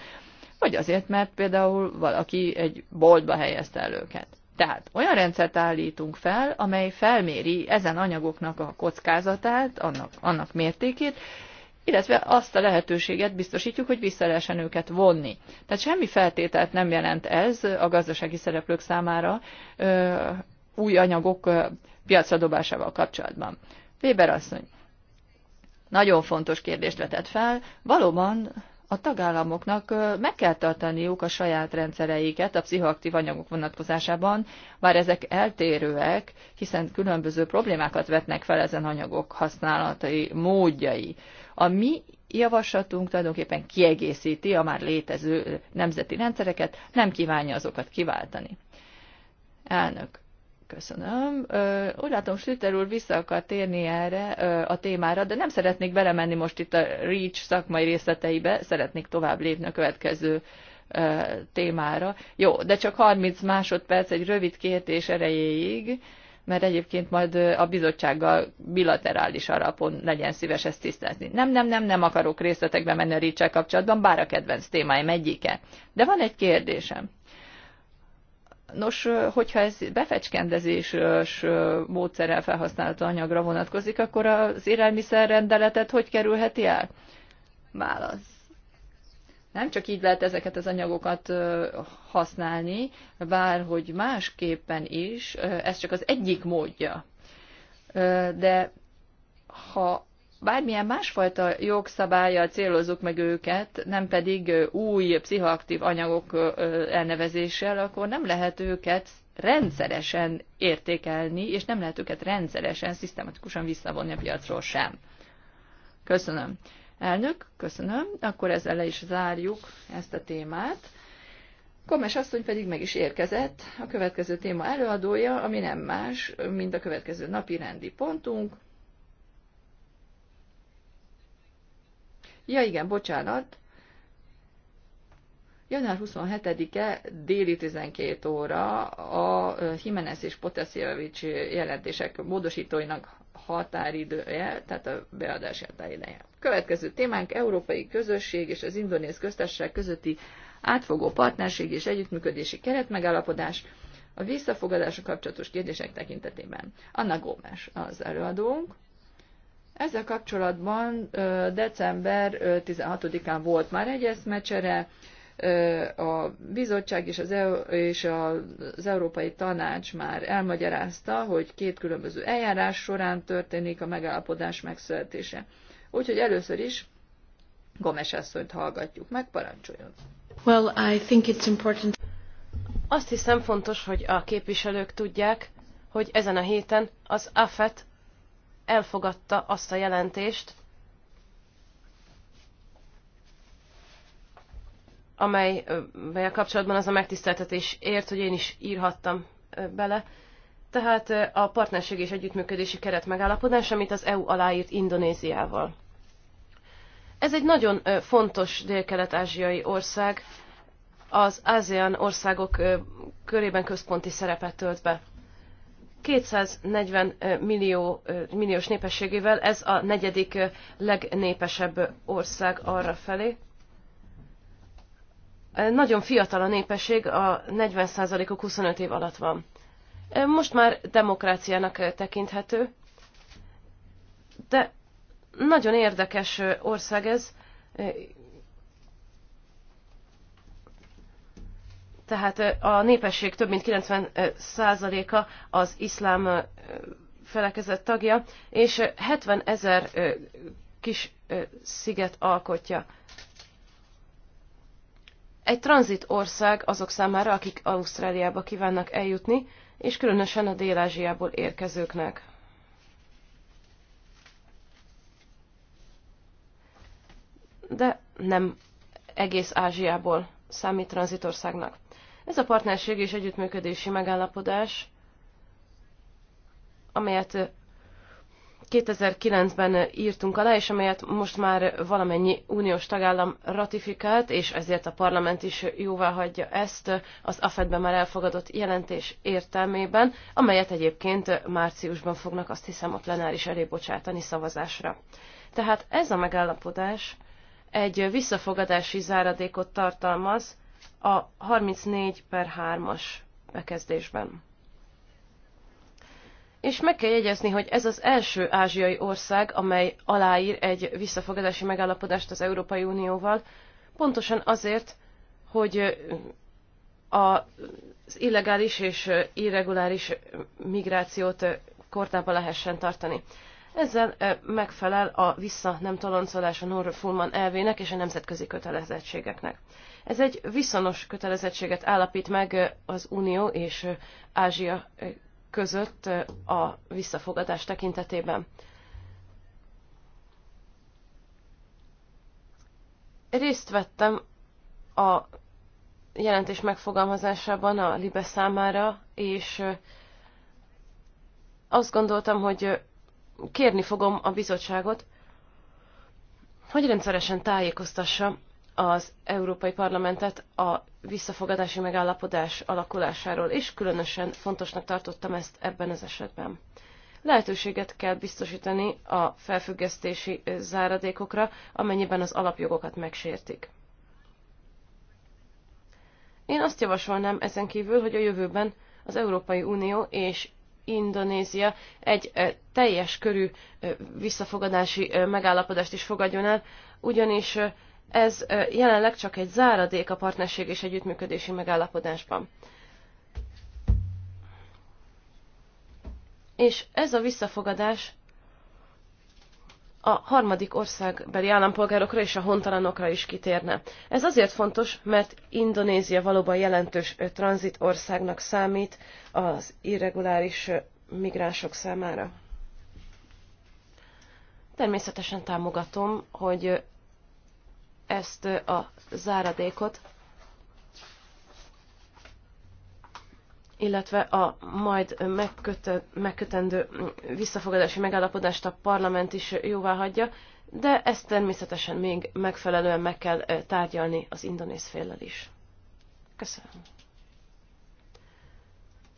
Speaker 1: vagy azért, mert például valaki egy boltba helyezte el őket. Tehát olyan rendszert állítunk fel, amely felméri ezen anyagoknak a kockázatát, annak, annak mértékét, illetve azt a lehetőséget biztosítjuk, hogy vissza lehessen őket vonni. Tehát semmi feltételt nem jelent ez a gazdasági szereplők számára új anyagok piacra dobásával kapcsolatban. Weber asszony, nagyon fontos kérdést vetett fel. Valóban a tagállamoknak meg kell tartaniuk a saját rendszereiket a pszichoaktív anyagok vonatkozásában, bár ezek eltérőek, hiszen különböző problémákat vetnek fel ezen anyagok használatai módjai. A mi javaslatunk tulajdonképpen kiegészíti a már létező nemzeti rendszereket, nem kívánja azokat kiváltani. Elnök. Köszönöm. Úgy látom, Slüter úr vissza akar térni erre a témára, de nem szeretnék belemenni most itt a REACH szakmai részleteibe, szeretnék tovább lépni a következő témára. Jó, de csak 30 másodperc egy rövid kérdés erejéig, mert egyébként majd a bizottsággal bilaterális alapon legyen szíves ezt tisztázni. Nem, nem, nem, nem akarok részletekbe menni a reach kapcsolatban, bár a kedvenc témáim egyike. De van egy kérdésem. Nos, hogyha ez befecskendezéses módszerrel felhasznált anyagra vonatkozik, akkor az élelmiszerrendeletet hogy kerülheti el? Válasz. Nem csak így lehet ezeket az anyagokat használni, bár hogy másképpen is, ez csak az egyik módja. De ha bármilyen másfajta jogszabályjal célozzuk meg őket, nem pedig új pszichoaktív anyagok elnevezéssel, akkor nem lehet őket rendszeresen értékelni, és nem lehet őket rendszeresen, szisztematikusan visszavonni a piacról sem. Köszönöm. Elnök, köszönöm. Akkor ezzel le is zárjuk ezt a témát. Komes asszony pedig meg is érkezett, a következő téma előadója, ami nem más, mint a következő napi rendi pontunk, Ja igen, bocsánat. Január 27-e déli 12 óra a Jimenez és Potesziavics jelentések módosítóinak határidője, tehát a beadás ideje. Következő témánk Európai Közösség és az Indonéz Köztársaság közötti átfogó partnerség és együttműködési keretmegállapodás a visszafogadásra kapcsolatos kérdések tekintetében. Anna Gómez az előadónk. Ezzel kapcsolatban december 16-án volt már egy eszmecsere, a bizottság és az, EU, és az Európai Tanács már elmagyarázta, hogy két különböző eljárás során történik a megállapodás megszületése. Úgyhogy először is
Speaker 2: Gomes asszonyt hallgatjuk meg, parancsoljon. Well, I think it's important. Azt hiszem fontos, hogy a képviselők tudják, hogy ezen a héten az AFET elfogadta azt a jelentést, amely kapcsolatban az a megtiszteltetés ért, hogy én is írhattam bele. Tehát a partnerség és együttműködési keret megállapodás, amit az EU aláírt Indonéziával. Ez egy nagyon fontos dél-kelet-ázsiai ország, az ASEAN országok körében központi szerepet tölt be. 240 millió, milliós népességével ez a negyedik legnépesebb ország arra felé. Nagyon fiatal a népesség, a 40%-uk 25 év alatt van. Most már demokráciának tekinthető, de nagyon érdekes ország ez. Tehát a népesség több mint 90%-a az iszlám felekezett tagja, és 70 ezer kis sziget alkotja. Egy tranzit ország azok számára, akik Ausztráliába kívánnak eljutni, és különösen a Dél-Ázsiából érkezőknek. De nem egész Ázsiából számít tranzitországnak. Ez a partnerség és együttműködési megállapodás, amelyet 2009-ben írtunk alá, és amelyet most már valamennyi uniós tagállam ratifikált, és ezért a parlament is jóvá hagyja ezt az AFED-ben már elfogadott jelentés értelmében, amelyet egyébként márciusban fognak azt hiszem a plenáris elé bocsátani szavazásra. Tehát ez a megállapodás egy visszafogadási záradékot tartalmaz, a 34 per 3-as bekezdésben. És meg kell jegyezni, hogy ez az első ázsiai ország, amely aláír egy visszafogadási megállapodást az Európai Unióval, pontosan azért, hogy az illegális és irreguláris migrációt kortába lehessen tartani. Ezzel megfelel a vissza nem toloncolás a Norr Fullman elvének és a nemzetközi kötelezettségeknek. Ez egy viszonos kötelezettséget állapít meg az Unió és Ázsia között a visszafogadás tekintetében. Részt vettem a jelentés megfogalmazásában a Libe számára, és azt gondoltam, hogy kérni fogom a bizottságot, hogy rendszeresen tájékoztassa az Európai Parlamentet a visszafogadási megállapodás alakulásáról, és különösen fontosnak tartottam ezt ebben az esetben. Lehetőséget kell biztosítani a felfüggesztési záradékokra, amennyiben az alapjogokat megsértik. Én azt javasolnám ezen kívül, hogy a jövőben az Európai Unió és Indonézia egy eh, teljes körű eh, visszafogadási eh, megállapodást is fogadjon el, ugyanis ez jelenleg csak egy záradék a partnerség és együttműködési megállapodásban. És ez a visszafogadás a harmadik országbeli állampolgárokra és a hontalanokra is kitérne. Ez azért fontos, mert Indonézia valóban jelentős országnak számít az irreguláris migránsok számára. Természetesen támogatom, hogy ezt a záradékot, illetve a majd megkötendő mm, visszafogadási megállapodást a parlament is jóvá hagyja, de ezt természetesen még megfelelően meg kell tárgyalni az indonéz féllel is. Köszönöm.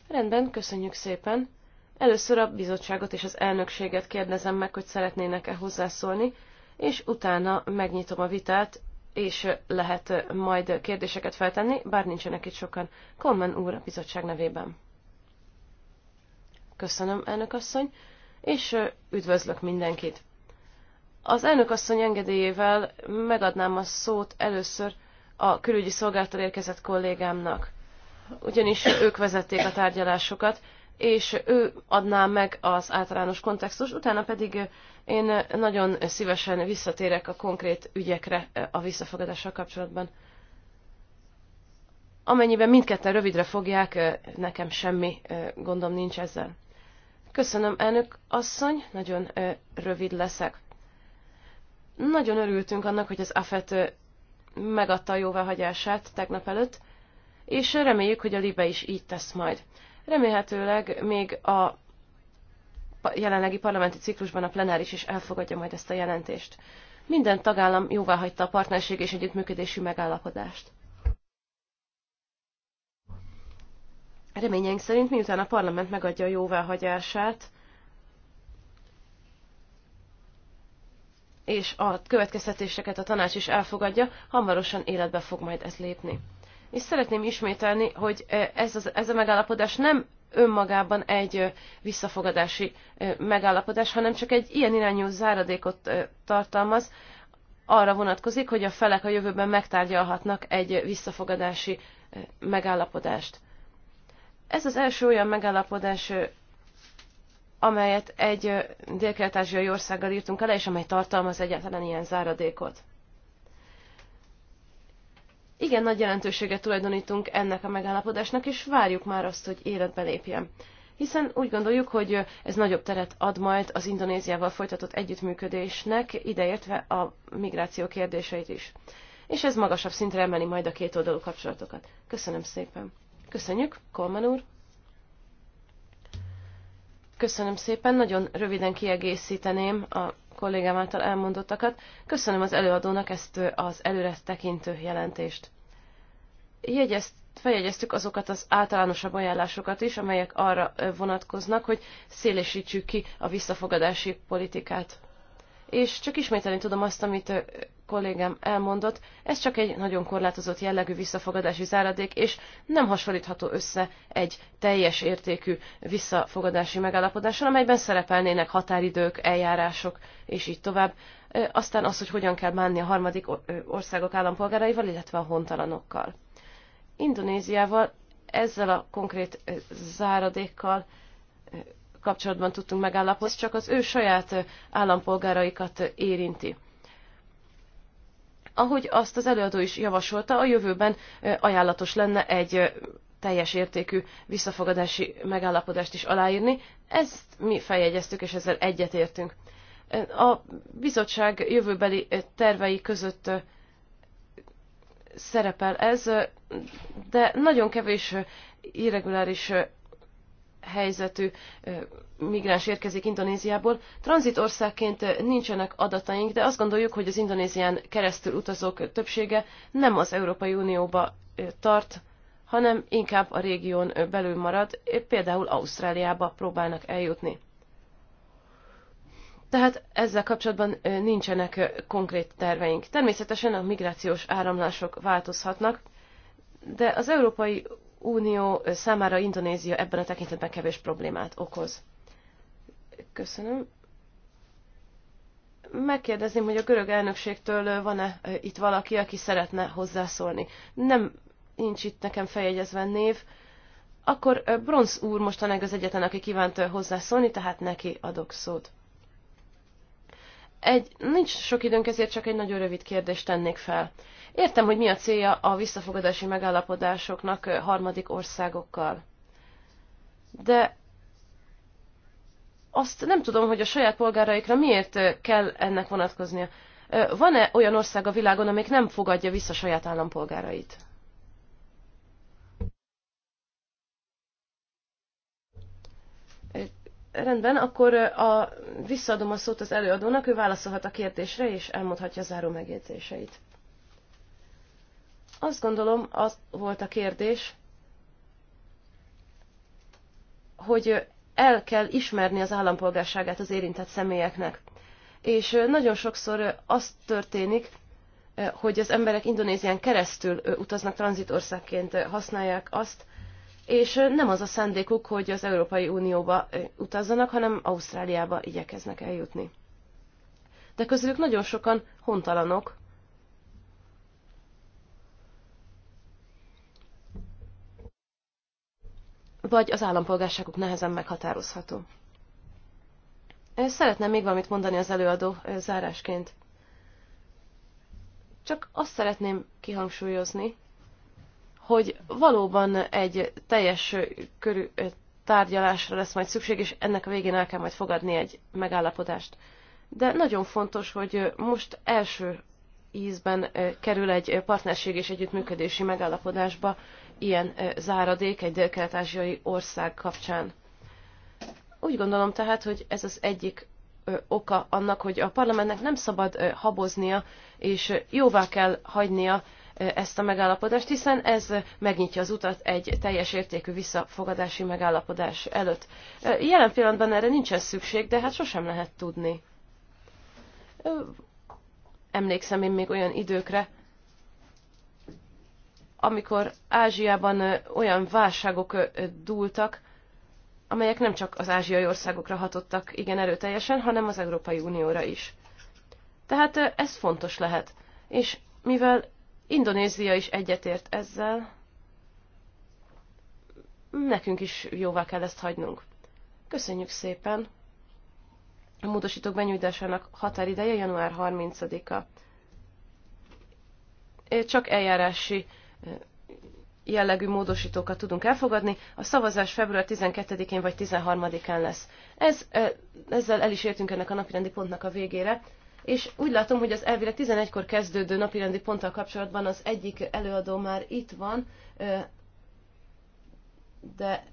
Speaker 2: Rendben, köszönjük szépen. Először a bizottságot és az elnökséget kérdezem meg, hogy szeretnének-e hozzászólni, és utána megnyitom a vitát, és lehet majd kérdéseket feltenni, bár nincsenek itt sokan. Kormen úr a bizottság nevében. Köszönöm, elnök asszony, és üdvözlök mindenkit. Az elnök asszony engedélyével megadnám a szót először a külügyi szolgáltal érkezett kollégámnak, ugyanis ők vezették a tárgyalásokat, és ő adná meg az általános kontextus, utána pedig én nagyon szívesen visszatérek a konkrét ügyekre eh, a visszafogadással kapcsolatban. Amennyiben mindketten rövidre fogják, eh, nekem semmi eh, gondom nincs ezzel. Köszönöm, elnök asszony, nagyon rövid leszek. Nagyon örültünk annak, hogy az AFET megadta a jóváhagyását tegnap előtt, és reméljük, hogy a Libe is így tesz majd. Remélhetőleg még a jelenlegi parlamenti ciklusban a plenáris is elfogadja majd ezt a jelentést. Minden tagállam jóváhagyta a partnerség és együttműködési megállapodást. Reményeink szerint miután a parlament megadja a jóváhagyását, és a következtetéseket a tanács is elfogadja, hamarosan életbe fog majd ez lépni és szeretném ismételni, hogy ez, az, ez a megállapodás nem önmagában egy visszafogadási megállapodás, hanem csak egy ilyen irányú záradékot tartalmaz, arra vonatkozik, hogy a felek a jövőben megtárgyalhatnak egy visszafogadási megállapodást. Ez az első olyan megállapodás, amelyet egy dél-kelet-ázsiai országgal írtunk el, és amely tartalmaz egyáltalán ilyen záradékot igen nagy jelentőséget tulajdonítunk ennek a megállapodásnak, és várjuk már azt, hogy életbe lépjen. Hiszen úgy gondoljuk, hogy ez nagyobb teret ad majd az Indonéziával folytatott együttműködésnek, ideértve a migráció kérdéseit is. És ez magasabb szintre emeli majd a két oldalú kapcsolatokat. Köszönöm szépen. Köszönjük, Kolman úr. Köszönöm szépen, nagyon röviden kiegészíteném a kollégám által elmondottakat. Köszönöm az előadónak ezt az előre tekintő jelentést. Jegyezt, feljegyeztük azokat az általánosabb ajánlásokat is, amelyek arra vonatkoznak, hogy szélesítsük ki a visszafogadási politikát. És csak ismételni tudom azt, amit kollégám elmondott, ez csak egy nagyon korlátozott jellegű visszafogadási záradék, és nem hasonlítható össze egy teljes értékű visszafogadási megállapodással, amelyben szerepelnének határidők, eljárások, és így tovább. Aztán az, hogy hogyan kell bánni a harmadik országok állampolgáraival, illetve a hontalanokkal. Indonéziával ezzel a konkrét záradékkal kapcsolatban tudtunk megállapodni, csak az ő saját állampolgáraikat érinti ahogy azt az előadó is javasolta, a jövőben ajánlatos lenne egy teljes értékű visszafogadási megállapodást is aláírni. Ezt mi feljegyeztük, és ezzel egyetértünk. A bizottság jövőbeli tervei között szerepel ez, de nagyon kevés irreguláris helyzetű migráns érkezik Indonéziából. Tranzitországként nincsenek adataink, de azt gondoljuk, hogy az Indonézián keresztül utazók többsége nem az Európai Unióba tart, hanem inkább a régión belül marad, például Ausztráliába próbálnak eljutni. Tehát ezzel kapcsolatban nincsenek konkrét terveink. Természetesen a migrációs áramlások változhatnak, de az Európai Unió számára Indonézia ebben a tekintetben kevés problémát okoz. Köszönöm. Megkérdezném, hogy a görög elnökségtől van-e itt valaki, aki szeretne hozzászólni. Nem nincs itt nekem feljegyezve név. Akkor Bronz úr mostanáig az egyetlen, aki kívánt hozzászólni, tehát neki adok szót. Egy, nincs sok időnk, ezért csak egy nagyon rövid kérdést tennék fel. Értem, hogy mi a célja a visszafogadási megállapodásoknak harmadik országokkal. De azt nem tudom, hogy a saját polgáraikra miért kell ennek vonatkoznia. Van-e olyan ország a világon, amik nem fogadja vissza saját állampolgárait? Rendben, akkor a, visszaadom a szót az előadónak, ő válaszolhat a kérdésre, és elmondhatja a záró megjegyzéseit. Azt gondolom, az volt a kérdés, hogy el kell ismerni az állampolgárságát az érintett személyeknek. És nagyon sokszor az történik, hogy az emberek Indonézián keresztül utaznak tranzitországként, használják azt, és nem az a szándékuk, hogy az Európai Unióba utazzanak, hanem Ausztráliába igyekeznek eljutni. De közülük nagyon sokan hontalanok. Vagy az állampolgárságuk nehezen meghatározható. Szeretném még valamit mondani az előadó zárásként. Csak azt szeretném kihangsúlyozni, hogy valóban egy teljes körű tárgyalásra lesz majd szükség, és ennek a végén el kell majd fogadni egy megállapodást. De nagyon fontos, hogy most első ízben kerül egy partnerség és együttműködési megállapodásba ilyen záradék egy dél-kelet-ázsiai ország kapcsán. Úgy gondolom tehát, hogy ez az egyik oka annak, hogy a parlamentnek nem szabad haboznia, és jóvá kell hagynia ezt a megállapodást, hiszen ez megnyitja az utat egy teljes értékű visszafogadási megállapodás előtt. Jelen pillanatban erre nincsen szükség, de hát sosem lehet tudni. Emlékszem én még olyan időkre, amikor Ázsiában olyan válságok dúltak, amelyek nem csak az ázsiai országokra hatottak igen erőteljesen, hanem az Európai Unióra is. Tehát ez fontos lehet. És mivel Indonézia is egyetért ezzel. Nekünk is jóvá kell ezt hagynunk. Köszönjük szépen! A módosítók benyújtásának határideje január 30-a. Csak eljárási jellegű módosítókat tudunk elfogadni. A szavazás február 12-én vagy 13-án lesz. Ez, ezzel el is értünk ennek a napirendi pontnak a végére és úgy látom, hogy az elvileg 11-kor kezdődő napirendi ponttal kapcsolatban az egyik előadó már itt van, de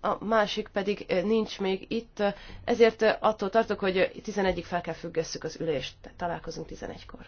Speaker 2: a másik pedig nincs még itt, ezért attól tartok, hogy 11-ig fel kell függesszük az ülést. Találkozunk 11-kor.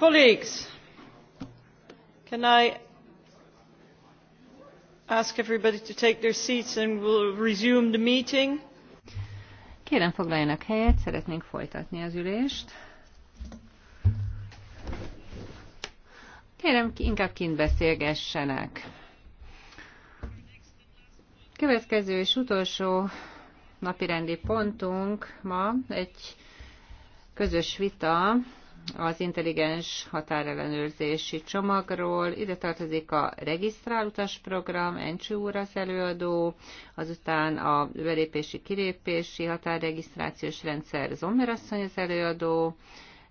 Speaker 1: colleagues can i ask everybody to take their seats and we'll resume the meeting
Speaker 3: kérem foglaljanak helyet szeretnénk folytatni az ülést kérem inkább kint beszélgessenek következő és utolsó napirendi pontunk ma egy közös vita az intelligens határellenőrzési csomagról. Ide tartozik a regisztrálutas program, Encsi úr az előadó, azután a belépési-kirépési határregisztrációs rendszer, Zomer asszony az előadó,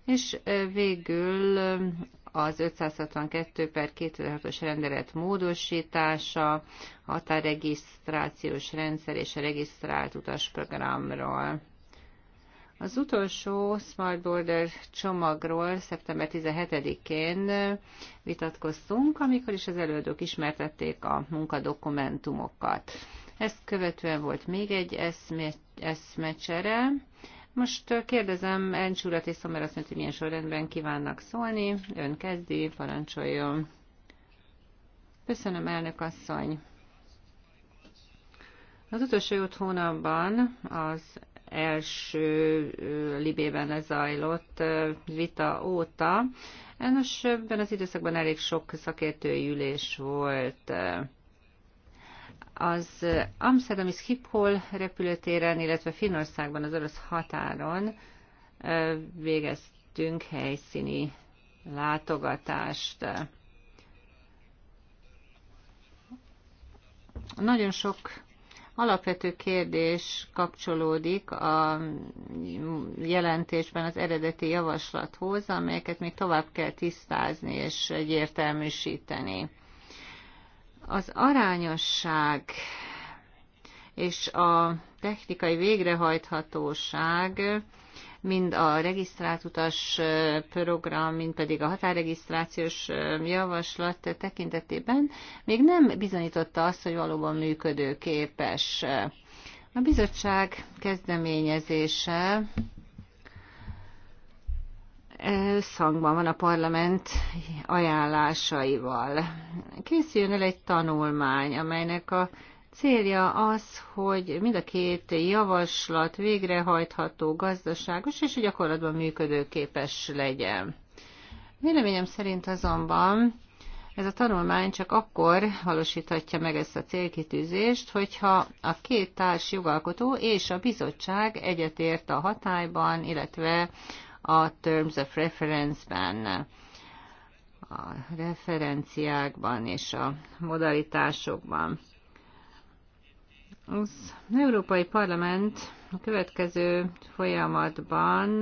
Speaker 3: és végül az 562 per 2006-os rendelet módosítása, határregisztrációs rendszer és a regisztrált utasprogramról. Az utolsó Smart Border csomagról szeptember 17-én vitatkoztunk, amikor is az előadók ismertették a munkadokumentumokat. Ezt követően volt még egy eszme, eszmecsere. Most kérdezem Encs urat és Szomer azt mondja, hogy milyen sorrendben kívánnak szólni. Ön kezdi, parancsoljon. Köszönöm, elnök asszony. Az utolsó öt hónapban az első Libében lezajlott vita óta. Nos, ebben az időszakban elég sok szakértői ülés volt. Az Amsterdami Schiphol repülőtéren, illetve Finnországban az orosz határon végeztünk helyszíni látogatást. Nagyon sok alapvető kérdés kapcsolódik a jelentésben az eredeti javaslathoz, amelyeket még tovább kell tisztázni és egyértelműsíteni. Az arányosság és a technikai végrehajthatóság mind a regisztrált utas program, mind pedig a határregisztrációs javaslat tekintetében még nem bizonyította azt, hogy valóban működőképes. A bizottság kezdeményezése összhangban van a parlament ajánlásaival. Készüljön el egy tanulmány, amelynek a Célja az, hogy mind a két javaslat végrehajtható, gazdaságos és gyakorlatban működőképes legyen. Véleményem szerint azonban ez a tanulmány csak akkor valósíthatja meg ezt a célkitűzést, hogyha a két társ jogalkotó és a bizottság egyetért a hatályban, illetve a Terms of Reference-ben, a referenciákban és a modalitásokban. Az Európai Parlament a következő folyamatban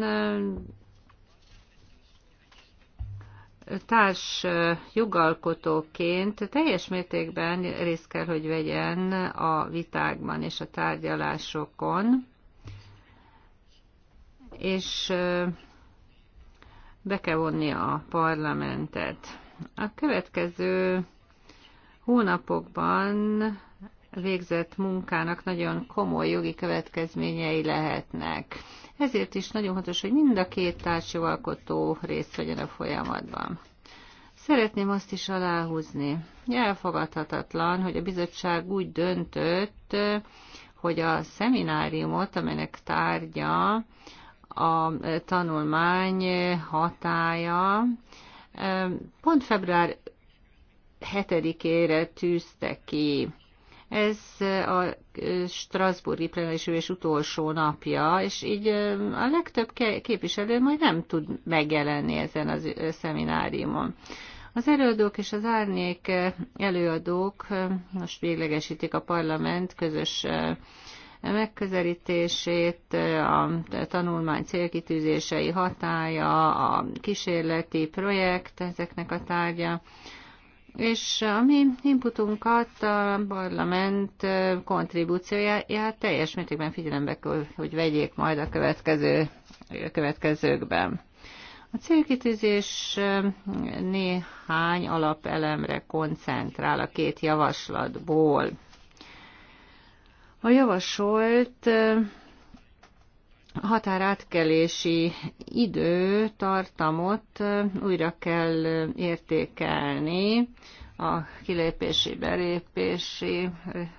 Speaker 3: társ jogalkotóként teljes mértékben részt kell, hogy vegyen a vitákban és a tárgyalásokon, és be kell vonni a parlamentet. A következő hónapokban végzett munkának nagyon komoly jogi következményei lehetnek. Ezért is nagyon fontos, hogy mind a két társjogalkotó részt vegyen a folyamatban. Szeretném azt is aláhúzni. Elfogadhatatlan, hogy a bizottság úgy döntött, hogy a szemináriumot, amelynek tárgya a tanulmány hatája, pont február 7-ére tűzte ki. Ez a Strasburgi plenáris ülés utolsó napja, és így a legtöbb képviselő majd nem tud megjelenni ezen a szemináriumon. Az előadók és az árnyék előadók most véglegesítik a parlament közös megközelítését, a tanulmány célkitűzései hatája, a kísérleti projekt ezeknek a tárgya és a mi inputunkat a parlament kontribúcióját teljes mértékben figyelembe kell, hogy vegyék majd a következő, a következőkben. A célkitűzés néhány alapelemre koncentrál a két javaslatból. A javasolt határátkelési időtartamot újra kell értékelni a kilépési, belépési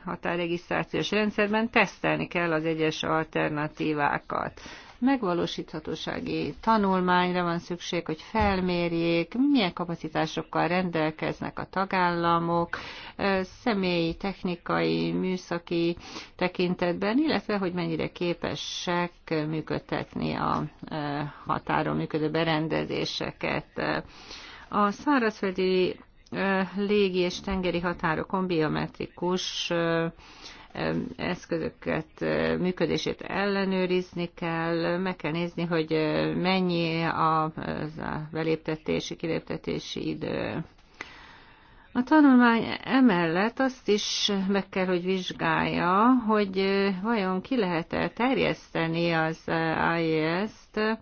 Speaker 3: határregisztrációs rendszerben tesztelni kell az egyes alternatívákat megvalósíthatósági tanulmányra van szükség, hogy felmérjék, milyen kapacitásokkal rendelkeznek a tagállamok, személyi, technikai, műszaki tekintetben, illetve hogy mennyire képesek működtetni a határon működő berendezéseket. A szárazföldi légi és tengeri határokon biometrikus eszközöket, működését ellenőrizni kell, meg kell nézni, hogy mennyi a beléptetési, kiléptetési idő. A tanulmány emellett azt is meg kell, hogy vizsgálja, hogy vajon ki lehet-e terjeszteni az IES-t,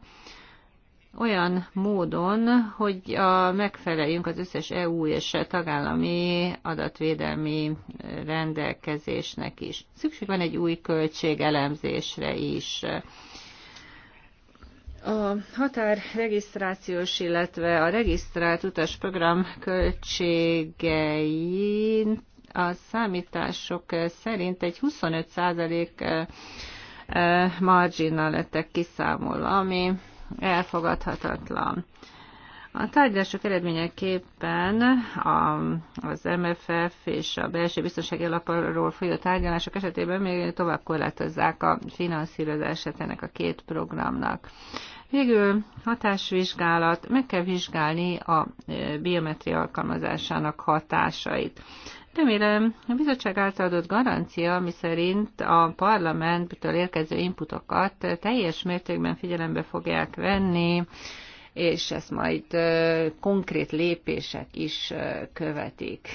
Speaker 3: olyan módon, hogy a, megfeleljünk az összes EU és tagállami adatvédelmi eh, rendelkezésnek is. Szükség van egy új költségelemzésre is. A határregisztrációs, illetve a regisztrált utasprogram költségei a számítások eh, szerint egy 25 eh, marginnal lettek kiszámolva, ami elfogadhatatlan. A tárgyalások eredményeképpen a, az MFF és a belső biztonsági alapról folyó tárgyalások esetében még tovább korlátozzák a finanszírozását ennek a két programnak. Végül hatásvizsgálat, meg kell vizsgálni a biometria alkalmazásának hatásait. Remélem, a bizottság által adott garancia, miszerint a parlamentből érkező inputokat teljes mértékben figyelembe fogják venni, és ezt majd konkrét lépések is követik.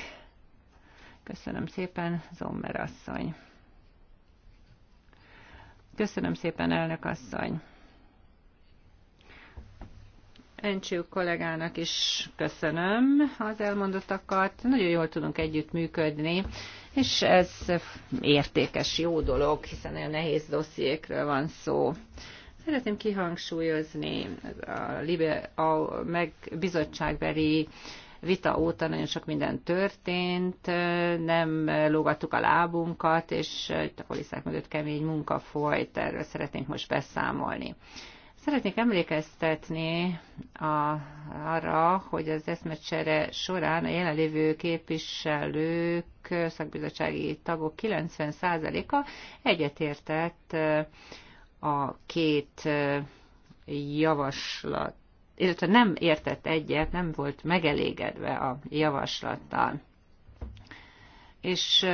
Speaker 3: Köszönöm szépen, Zommer asszony. Köszönöm szépen, elnök asszony. Encsiu kollégának is köszönöm az elmondottakat. Nagyon jól tudunk együtt működni, és ez értékes, jó dolog, hiszen olyan nehéz dossziékről van szó. Szeretném kihangsúlyozni a, libe, a meg bizottságbeli vita óta nagyon sok minden történt, nem lógattuk a lábunkat, és itt a kulisszák mögött kemény munka folyt, erről szeretnénk most beszámolni. Szeretnék emlékeztetni a, arra, hogy az eszmecsere során a jelenlévő képviselők, szakbizottsági tagok 90%-a egyetértett a két javaslat, illetve nem értett egyet, nem volt megelégedve a javaslattal. És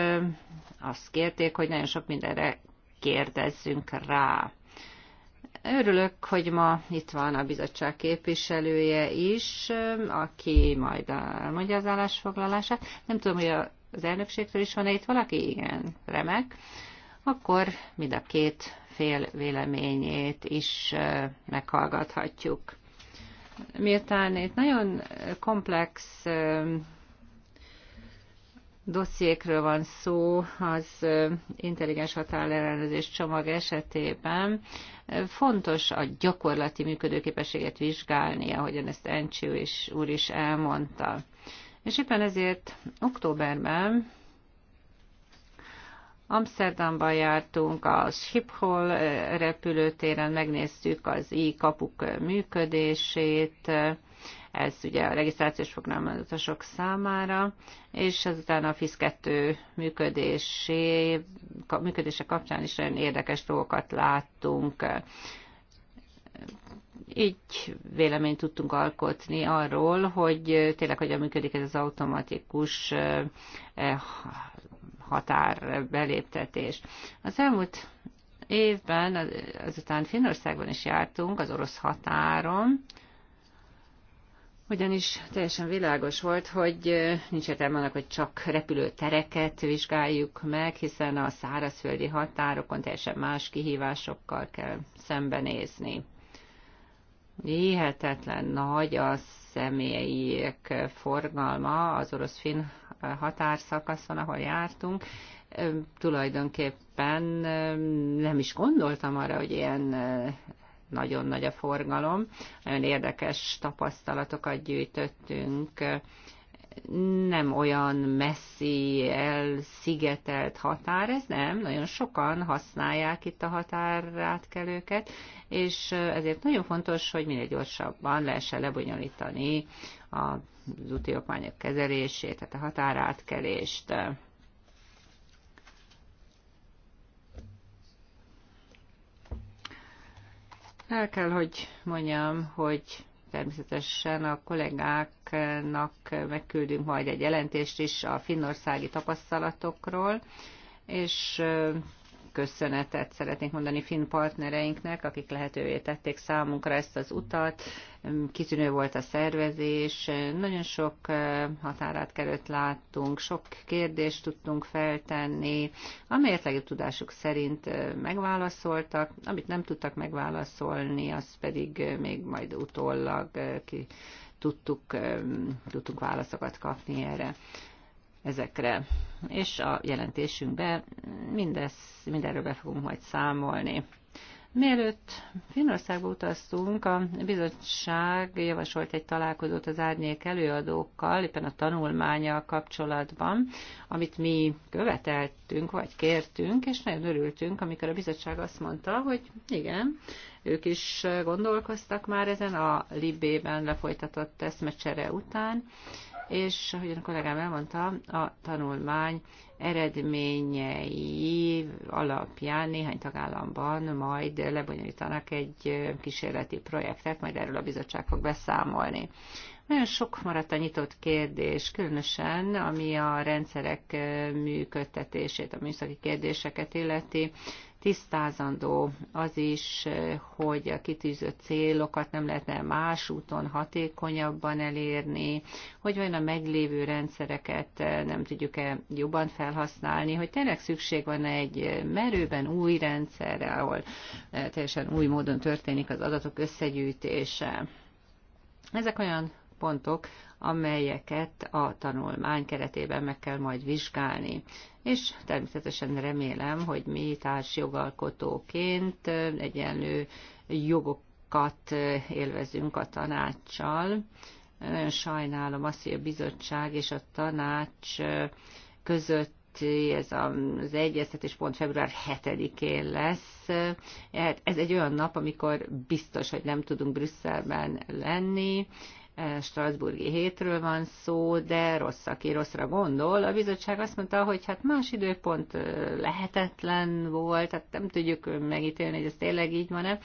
Speaker 3: azt kérték, hogy nagyon sok mindenre kérdezzünk rá. Örülök, hogy ma itt van a bizottság képviselője is, aki majd elmondja az állásfoglalását. Nem tudom, hogy az elnökségtől is van-e itt valaki? Igen, remek. Akkor mind a két fél véleményét is meghallgathatjuk. Miután itt nagyon komplex dossziékről van szó az intelligens határellenőrzés csomag esetében. Fontos a gyakorlati működőképességet vizsgálni, ahogyan ezt Encső is, úr is elmondta. És éppen ezért októberben Amsterdamban jártunk, a Schiphol repülőtéren megnéztük az i-kapuk működését, ez ugye a regisztrációs program az utasok számára, és ezután a FISZ 2 működésé, működése kapcsán is olyan érdekes dolgokat láttunk. Így véleményt tudtunk alkotni arról, hogy tényleg hogyan működik ez az automatikus eh, eh, határ beléptetés. Az elmúlt évben, azután Finnországban is jártunk, az orosz határon, ugyanis teljesen világos volt, hogy nincs értelme annak, hogy csak repülőtereket vizsgáljuk meg, hiszen a szárazföldi határokon teljesen más kihívásokkal kell szembenézni. Hihetetlen nagy a személyek forgalma az orosz-finn határszakaszon, ahol jártunk. Tulajdonképpen nem is gondoltam arra, hogy ilyen nagyon nagy a forgalom. Nagyon érdekes tapasztalatokat gyűjtöttünk nem olyan messzi, elszigetelt határ, ez nem, nagyon sokan használják itt a határátkelőket, és ezért nagyon fontos, hogy minél gyorsabban lehessen lebonyolítani az úti kezelését, tehát a határátkelést. El kell, hogy mondjam, hogy természetesen a kollégáknak megküldünk majd egy jelentést is a finnországi tapasztalatokról, és köszönetet szeretnék mondani finn partnereinknek, akik lehetővé tették számunkra ezt az utat. Kitűnő volt a szervezés, nagyon sok határát került láttunk, sok kérdést tudtunk feltenni, amelyet legjobb tudásuk szerint megválaszoltak, amit nem tudtak megválaszolni, az pedig még majd utólag ki tudtuk, tudtunk válaszokat kapni erre ezekre. És a jelentésünkben mindez, mindenről be fogunk majd számolni. Mielőtt Finországba utaztunk, a bizottság javasolt egy találkozót az árnyék előadókkal, éppen a tanulmánya kapcsolatban, amit mi követeltünk, vagy kértünk, és nagyon örültünk, amikor a bizottság azt mondta, hogy igen, ők is gondolkoztak már ezen a Libében lefolytatott eszmecsere után, és ahogy a kollégám elmondta, a tanulmány eredményei alapján néhány tagállamban majd lebonyolítanak egy kísérleti projektet, majd erről a bizottság fog beszámolni. Nagyon sok maradt a nyitott kérdés, különösen ami a rendszerek működtetését, a műszaki kérdéseket illeti tisztázandó az is, hogy a kitűzött célokat nem lehetne más úton hatékonyabban elérni, hogy vajon a meglévő rendszereket nem tudjuk-e jobban felhasználni, hogy tényleg szükség van egy merőben új rendszerre, ahol teljesen új módon történik az adatok összegyűjtése. Ezek olyan pontok, amelyeket a tanulmány keretében meg kell majd vizsgálni. És természetesen remélem, hogy mi társjogalkotóként egyenlő jogokat élvezünk a tanácssal. Nagyon sajnálom azt, hogy a bizottság és a tanács között ez az egyeztetés pont február 7-én lesz. Hát ez egy olyan nap, amikor biztos, hogy nem tudunk Brüsszelben lenni, Strasburgi hétről van szó, de rossz, aki rosszra gondol. A bizottság azt mondta, hogy hát más időpont lehetetlen volt, hát nem tudjuk megítélni, hogy ez tényleg így van-e,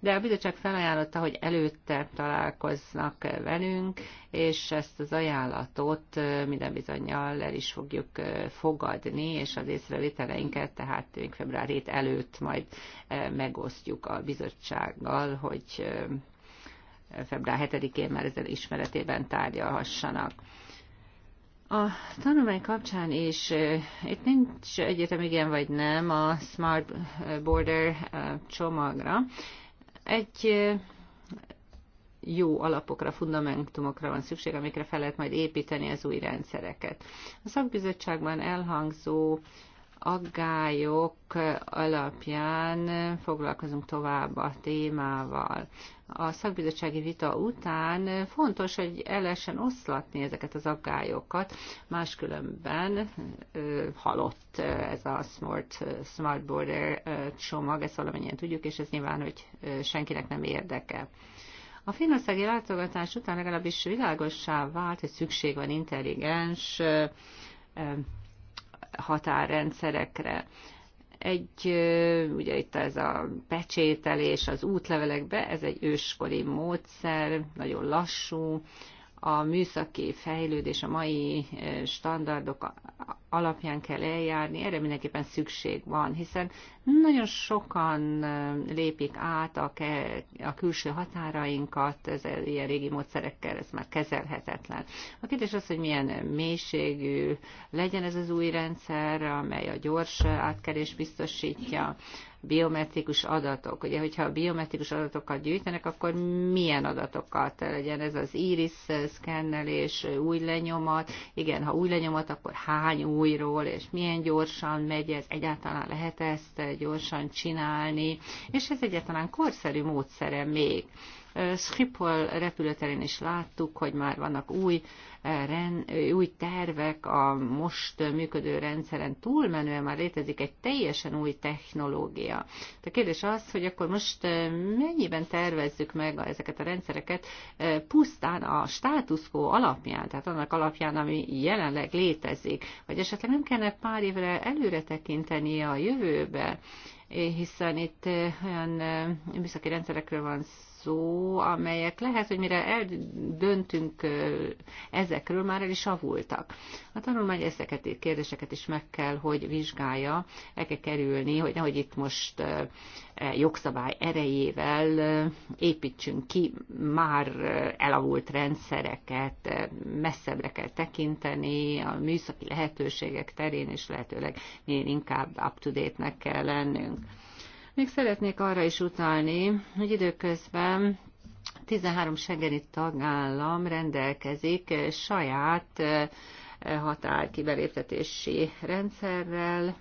Speaker 3: de a bizottság felajánlotta, hogy előtte találkoznak velünk, és ezt az ajánlatot minden bizonyal el is fogjuk fogadni, és az észrevételeinket, tehát még február hét előtt majd megosztjuk a bizottsággal, hogy február 7-én már ezzel ismeretében tárgyalhassanak. A tanulmány kapcsán is itt nincs egyetem igen vagy nem a Smart Border csomagra. Egy jó alapokra, fundamentumokra van szükség, amikre fel lehet majd építeni az új rendszereket. A szakbizottságban elhangzó aggályok alapján foglalkozunk tovább a témával. A szakbizottsági vita után fontos, hogy el lehessen oszlatni ezeket az aggályokat, máskülönben ö, halott ez a Smart, Smart Border csomag, ezt valamennyien tudjuk, és ez nyilván, hogy senkinek nem érdeke. A finországi látogatás után legalábbis világossá vált, hogy szükség van intelligens határrendszerekre. Egy, ugye itt ez a pecsételés az útlevelekbe, ez egy őskori módszer, nagyon lassú, a műszaki fejlődés, a mai e, standardok alapján kell eljárni, erre mindenképpen szükség van, hiszen nagyon sokan e, lépik át a, ke- a külső határainkat, ez e, ilyen régi módszerekkel, ez már kezelhetetlen. A kérdés az, hogy milyen mélységű legyen ez az új rendszer, amely a gyors átkelés biztosítja biometrikus adatok. Ugye, hogyha a biometrikus adatokat gyűjtenek, akkor milyen adatokat legyen ez az iris eh, szkennelés, új lenyomat, igen, ha új lenyomat, akkor hány újról, és milyen gyorsan megy ez, egyáltalán lehet ezt eh, gyorsan csinálni, és ez egyáltalán korszerű módszere még. Schiphol repülőterén is láttuk, hogy már vannak új, új tervek, a most működő rendszeren túlmenően már létezik egy teljesen új technológia. A kérdés az, hogy akkor most mennyiben tervezzük meg ezeket a rendszereket pusztán a status quo alapján, tehát annak alapján, ami jelenleg létezik, vagy esetleg nem kellene pár évre előre tekinteni a jövőbe, hiszen itt olyan műszaki rendszerekről van szó, amelyek lehet, hogy mire eldöntünk ezekről, már el is avultak. A tanulmány ezeket kérdéseket is meg kell, hogy vizsgálja, el kell kerülni, hogy nehogy itt most e, jogszabály erejével építsünk ki már elavult rendszereket, messzebbre kell tekinteni, a műszaki lehetőségek terén is lehetőleg minél inkább up-to-date-nek kell lennünk. Még szeretnék arra is utalni, hogy időközben 13 segeri tagállam rendelkezik saját eh, határkibeléptetési rendszerrel,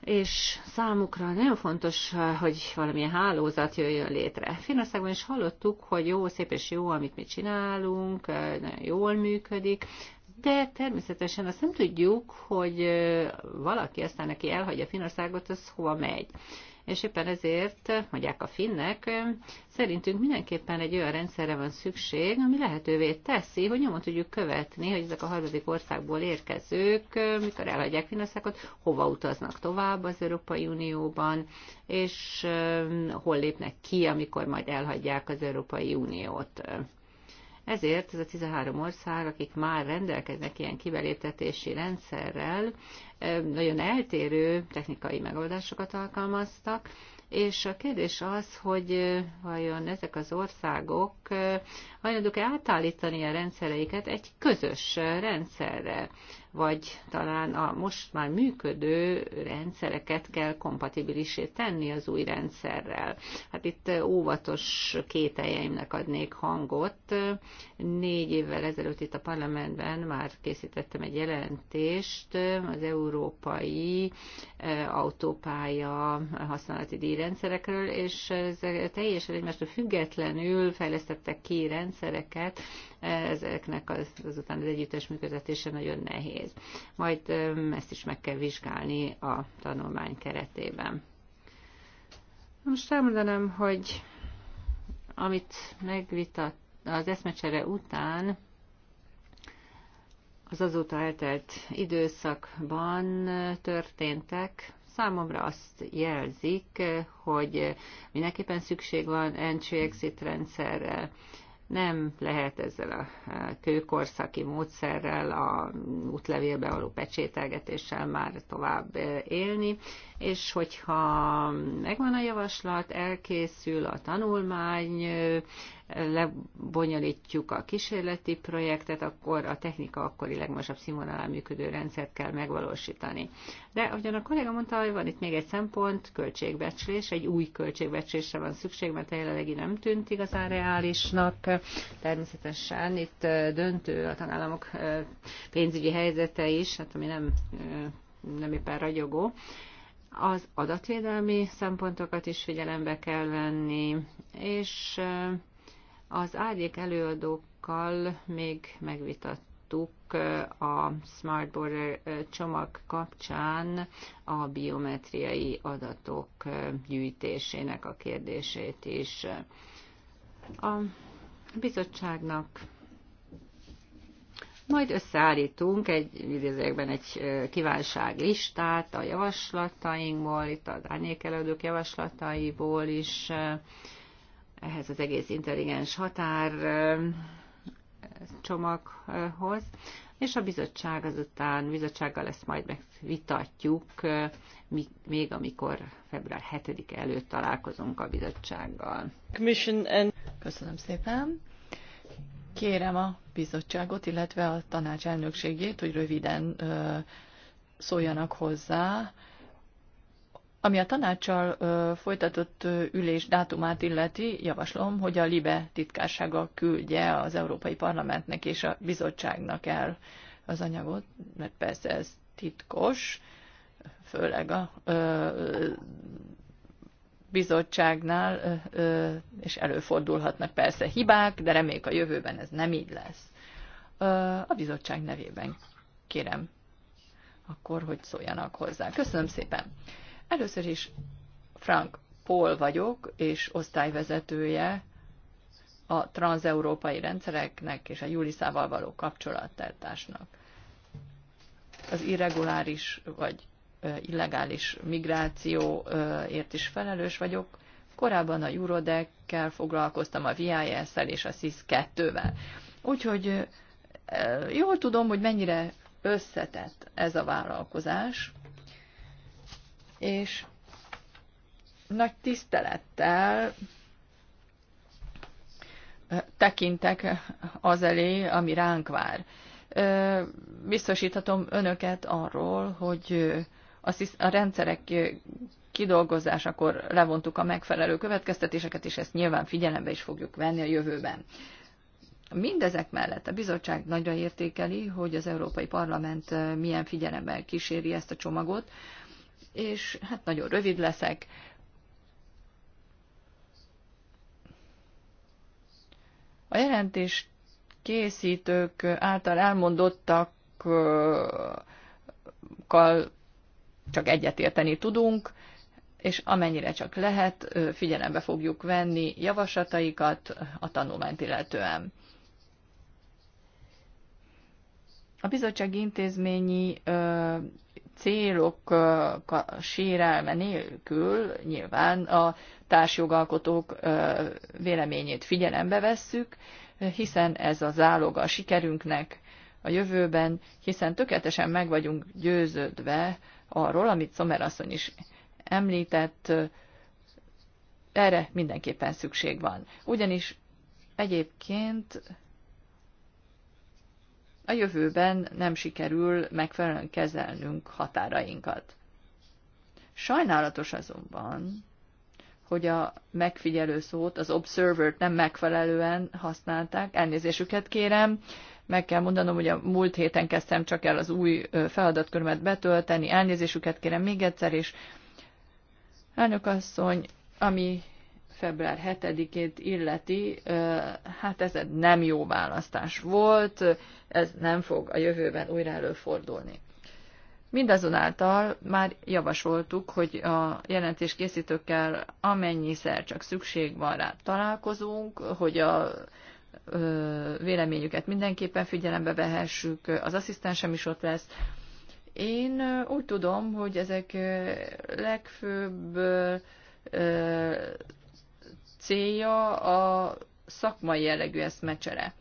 Speaker 3: és számukra nagyon fontos, eh, hogy valamilyen hálózat jöjjön létre. Finországban is hallottuk, hogy jó, szép és jó, amit mi csinálunk, eh, nagyon jól működik, de természetesen azt nem tudjuk, hogy valaki aztán, aki elhagyja Finországot, az hova megy. És éppen ezért, mondják a finnek, szerintünk mindenképpen egy olyan rendszerre van szükség, ami lehetővé teszi, hogy nyomon tudjuk követni, hogy ezek a harmadik országból érkezők, mikor elhagyják Finországot, hova utaznak tovább az Európai Unióban, és hol lépnek ki, amikor majd elhagyják az Európai Uniót. Ezért ez a 13 ország, akik már rendelkeznek ilyen kibeléptetési rendszerrel, nagyon eltérő technikai megoldásokat alkalmaztak, és a kérdés az, hogy vajon ezek az országok hajlandók-e átállítani a rendszereiket egy közös rendszerre vagy talán a most már működő rendszereket kell kompatibilisé tenni az új rendszerrel. Hát itt óvatos kételjeimnek adnék hangot, Négy évvel ezelőtt itt a parlamentben már készítettem egy jelentést az európai e, autópálya használati díjrendszerekről, és ezek teljesen egymástól függetlenül fejlesztettek ki rendszereket, ezeknek az, azután az együttes működtetése nagyon nehéz. Majd e, ezt is meg kell vizsgálni a tanulmány keretében. Most elmondanám, hogy amit megvitat az eszmecsere után az azóta eltelt időszakban történtek, számomra azt jelzik, hogy mindenképpen szükség van entry-exit rendszerre. Nem lehet ezzel a kőkorszaki módszerrel, a útlevélbe való pecsételgetéssel már tovább élni, és hogyha megvan a javaslat, elkészül a tanulmány, lebonyolítjuk a kísérleti projektet, akkor a technika akkori legmagasabb színvonalán működő rendszert kell megvalósítani. De ahogyan a kolléga mondta, hogy van itt még egy szempont, költségbecslés, egy új költségbecslésre van szükség, mert a jelenlegi nem tűnt igazán reálisnak. Természetesen itt döntő a tanállamok pénzügyi helyzete is, hát ami nem, nem éppen ragyogó az adatvédelmi szempontokat is figyelembe kell venni, és az árnyék előadókkal még megvitattuk eh, a Smart Border eh, csomag kapcsán a biometriai adatok eh, gyűjtésének a kérdését is. A bizottságnak majd összeállítunk egy idézőkben egy kívánságlistát a javaslatainkból, itt az árnyékelődők javaslataiból is, ehhez az egész intelligens határ eh, csomaghoz, és a bizottság azután, bizottsággal ezt majd megvitatjuk, eh, még amikor február 7 előtt találkozunk a bizottsággal.
Speaker 1: Köszönöm szépen. Kérem a bizottságot, illetve a tanács elnökségét, hogy röviden eh, szóljanak hozzá ami a tanácssal folytatott ülés dátumát illeti, javaslom, hogy a LIBE titkársága küldje az Európai Parlamentnek és a bizottságnak el az anyagot, mert persze ez titkos, főleg a ö, bizottságnál, ö, és előfordulhatnak persze hibák, de reméljük a jövőben ez nem így lesz. Ö, a bizottság nevében kérem akkor, hogy szóljanak hozzá. Köszönöm szépen! Először is Frank Paul vagyok, és osztályvezetője a transeurópai rendszereknek és a Juliszával való kapcsolattartásnak. Az irreguláris vagy illegális migrációért is felelős vagyok. Korábban a Eurodec-kel foglalkoztam, a VIS-szel és a SIS-2-vel. Úgyhogy jól tudom, hogy mennyire összetett ez a vállalkozás, és nagy tisztelettel tekintek az elé, ami ránk vár. Biztosíthatom önöket arról, hogy a rendszerek kidolgozásakor levontuk a megfelelő következtetéseket, és ezt nyilván figyelembe is fogjuk venni a jövőben. Mindezek mellett a bizottság nagyra értékeli, hogy az Európai Parlament milyen figyelemmel kíséri ezt a csomagot, és hát nagyon rövid leszek. A jelentés készítők által elmondottakkal csak egyetérteni tudunk, és amennyire csak lehet, figyelembe fogjuk venni javaslataikat a tanulmányt illetően. A bizottság intézményi célok sérelme nélkül nyilván a társjogalkotók véleményét figyelembe vesszük, hiszen ez a záloga a sikerünknek a jövőben, hiszen tökéletesen meg vagyunk győződve arról, amit Szomer asszony is említett, erre mindenképpen szükség van. Ugyanis egyébként a jövőben nem sikerül megfelelően kezelnünk határainkat. Sajnálatos azonban, hogy a megfigyelő szót, az observert nem megfelelően használták. Elnézésüket kérem, meg kell mondanom, hogy a múlt héten kezdtem csak el az új feladatkörmet betölteni. Elnézésüket kérem még egyszer, és elnök asszony, ami február 7-ét illeti, hát ez egy nem jó választás volt, ez nem fog a jövőben újra előfordulni. Mindazonáltal már javasoltuk, hogy a jelentés készítőkkel amennyiszer csak szükség van rá találkozunk, hogy a véleményüket mindenképpen figyelembe vehessük, az asszisztensem is ott lesz. Én úgy tudom, hogy ezek legfőbb célja a szakmai jellegű eszmecsere,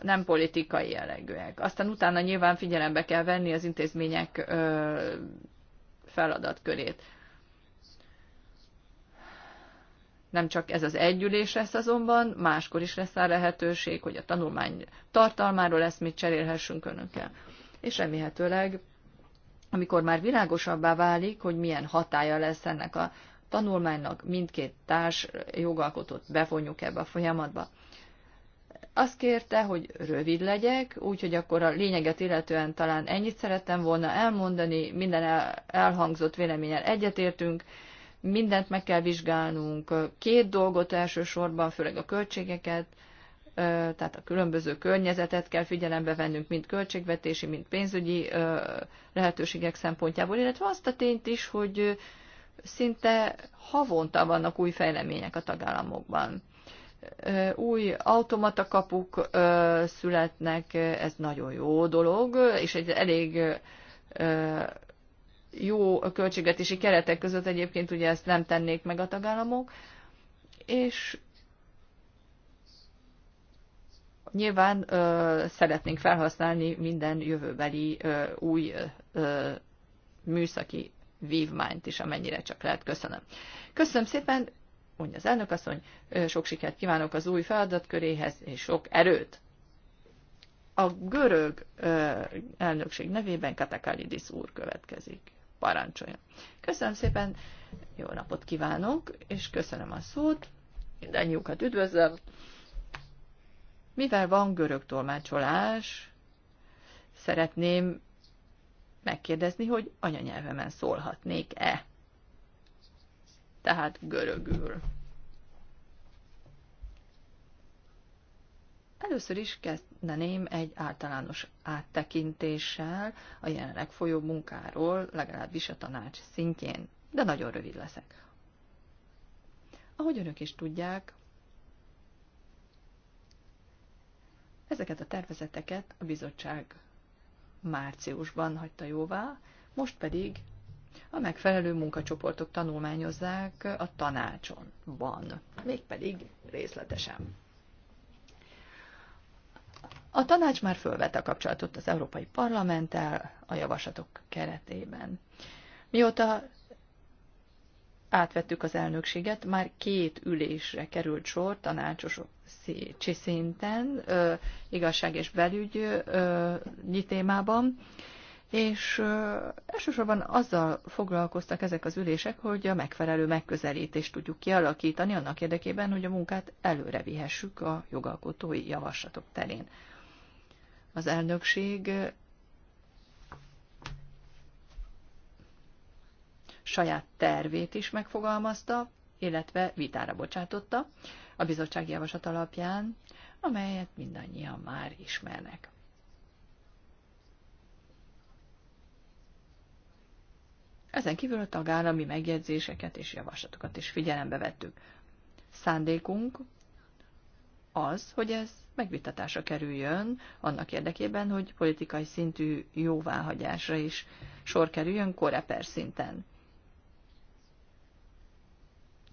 Speaker 1: nem politikai jellegűek. Aztán utána nyilván figyelembe kell venni az intézmények feladatkörét. Nem csak ez az együlés lesz azonban, máskor is lesz a lehetőség, hogy a tanulmány tartalmáról lesz mit cserélhessünk önökkel. És remélhetőleg, amikor már világosabbá válik, hogy milyen hatája lesz ennek a tanulmánynak mindkét társ jogalkotót bevonjuk ebbe a folyamatba. Azt kérte, hogy rövid legyek, úgyhogy akkor a lényeget illetően talán ennyit szerettem volna elmondani, minden elhangzott véleményen egyetértünk, mindent meg kell vizsgálnunk, két dolgot elsősorban, főleg a költségeket, tehát a különböző környezetet kell figyelembe vennünk, mind költségvetési, mind pénzügyi lehetőségek szempontjából, illetve azt a tényt is, hogy szinte havonta vannak új fejlemények a tagállamokban. Új automatakapuk születnek, ez nagyon jó dolog, és egy elég jó költségvetési keretek között egyébként ugye ezt nem tennék meg a tagállamok, és nyilván ö, szeretnénk felhasználni minden jövőbeli ö, új ö, műszaki vívmányt is, amennyire csak lehet. Köszönöm. Köszönöm szépen, mondja az elnök asszony, sok sikert kívánok az új feladatköréhez, és sok erőt. A görög elnökség nevében Katakalidis úr következik. Parancsoljon. Köszönöm szépen, jó napot kívánok, és köszönöm a szót, mindannyiukat üdvözlöm. Mivel van görög tolmácsolás, szeretném megkérdezni, hogy anyanyelvemen szólhatnék-e. Tehát görögül. Először is kezdeném egy általános áttekintéssel a jelenleg folyó munkáról, legalábbis a tanács szintjén, de nagyon rövid leszek. Ahogy önök is tudják, ezeket a tervezeteket a bizottság márciusban hagyta jóvá, most pedig a megfelelő munkacsoportok tanulmányozzák a tanácsonban, mégpedig részletesen. A tanács már fölvette a kapcsolatot az Európai Parlamenttel a javaslatok keretében. Mióta átvettük az elnökséget, már két ülésre került sor tanácsosok szinten, igazság és belügyi nyitémában, és elsősorban azzal foglalkoztak ezek az ülések, hogy a megfelelő megközelítést tudjuk kialakítani annak érdekében, hogy a munkát előre vihessük a jogalkotói javaslatok terén. Az elnökség saját tervét is megfogalmazta, illetve vitára bocsátotta a bizottság javaslat alapján, amelyet mindannyian már ismernek. Ezen kívül a tagállami megjegyzéseket és javaslatokat is figyelembe vettük. Szándékunk az, hogy ez megvitatásra kerüljön, annak érdekében, hogy politikai szintű jóváhagyásra is sor kerüljön koreper szinten.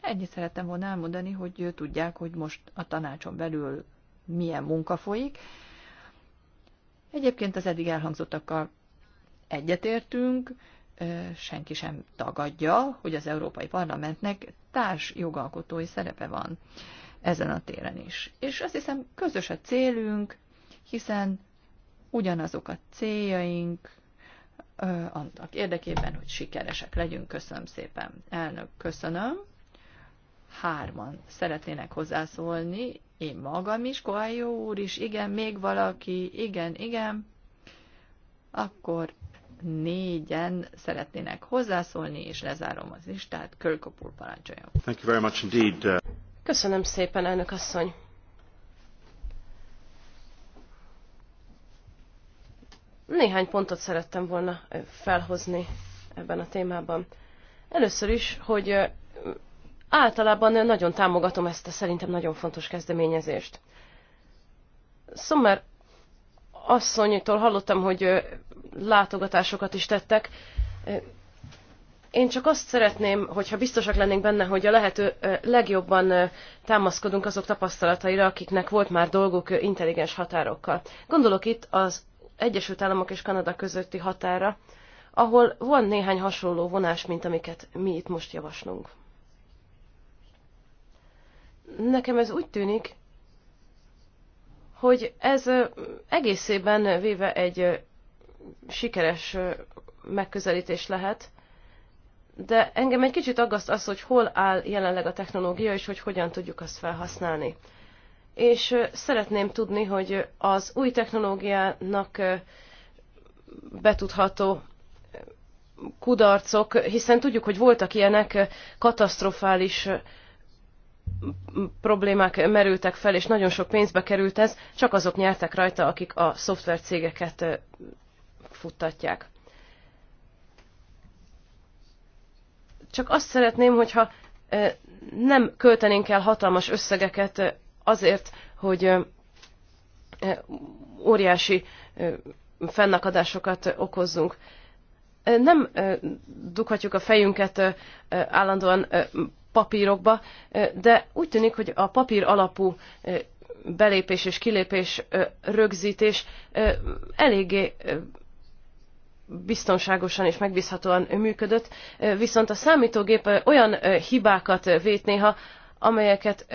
Speaker 1: Ennyit szerettem volna elmondani, hogy tudják, hogy most a tanácson belül milyen munka folyik. Egyébként az eddig elhangzottakkal egyetértünk, senki sem tagadja, hogy az Európai Parlamentnek társ jogalkotói szerepe van ezen a téren is. És azt hiszem, közös a célunk, hiszen ugyanazok a céljaink, annak érdekében, hogy sikeresek legyünk. Köszönöm szépen. Elnök, köszönöm hárman szeretnének hozzászólni, én magam is, Koályó úr is, igen, még valaki, igen, igen, akkor négyen szeretnének hozzászólni, és lezárom
Speaker 2: az listát. Körkop úr parancsoljon.
Speaker 1: Thank you very much indeed. Uh,
Speaker 2: Köszönöm szépen, elnök asszony. Néhány pontot szerettem volna felhozni ebben a témában. Először is, hogy általában nagyon támogatom ezt a szerintem nagyon fontos kezdeményezést. Szomer asszonytól hallottam, hogy látogatásokat is tettek. Én csak azt szeretném, hogyha biztosak lennénk benne, hogy a lehető legjobban támaszkodunk azok tapasztalataira, akiknek volt már dolguk intelligens határokkal. Gondolok itt az Egyesült Államok és Kanada közötti határa, ahol van néhány hasonló vonás, mint amiket mi itt most javaslunk. Nekem ez úgy tűnik, hogy ez egészében véve egy sikeres megközelítés lehet, de engem egy kicsit aggaszt az, hogy hol áll jelenleg a technológia, és hogy hogyan tudjuk azt felhasználni. És szeretném tudni, hogy az új technológiának betudható kudarcok, hiszen tudjuk, hogy voltak ilyenek katasztrofális problémák merültek fel, és nagyon sok pénzbe került ez, csak azok nyertek rajta, akik a szoftvercégeket futtatják. Csak azt szeretném, hogyha nem költenénk el hatalmas összegeket azért, hogy óriási fennakadásokat okozzunk. Nem dughatjuk a fejünket állandóan papírokba, de úgy tűnik, hogy a papír alapú belépés és kilépés rögzítés eléggé biztonságosan és megbízhatóan működött, viszont a számítógép olyan hibákat vét néha, amelyeket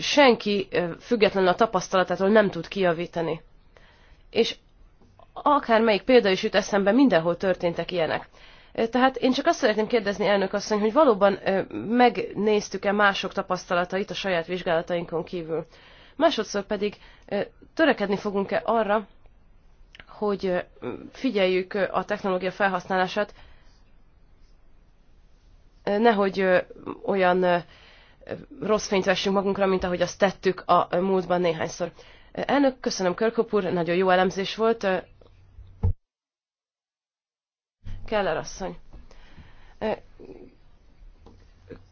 Speaker 2: senki függetlenül a tapasztalatától nem tud kijavítani. És akármelyik példa is jut eszembe, mindenhol történtek ilyenek. Tehát én csak azt szeretném kérdezni, elnök asszony, hogy valóban megnéztük-e mások tapasztalatait a saját vizsgálatainkon kívül. Másodszor pedig törekedni fogunk-e arra, hogy figyeljük a technológia felhasználását, nehogy olyan rossz fényt vessünk magunkra, mint ahogy azt tettük a múltban néhányszor. Elnök, köszönöm Körkop nagyon jó elemzés volt, Keller asszony.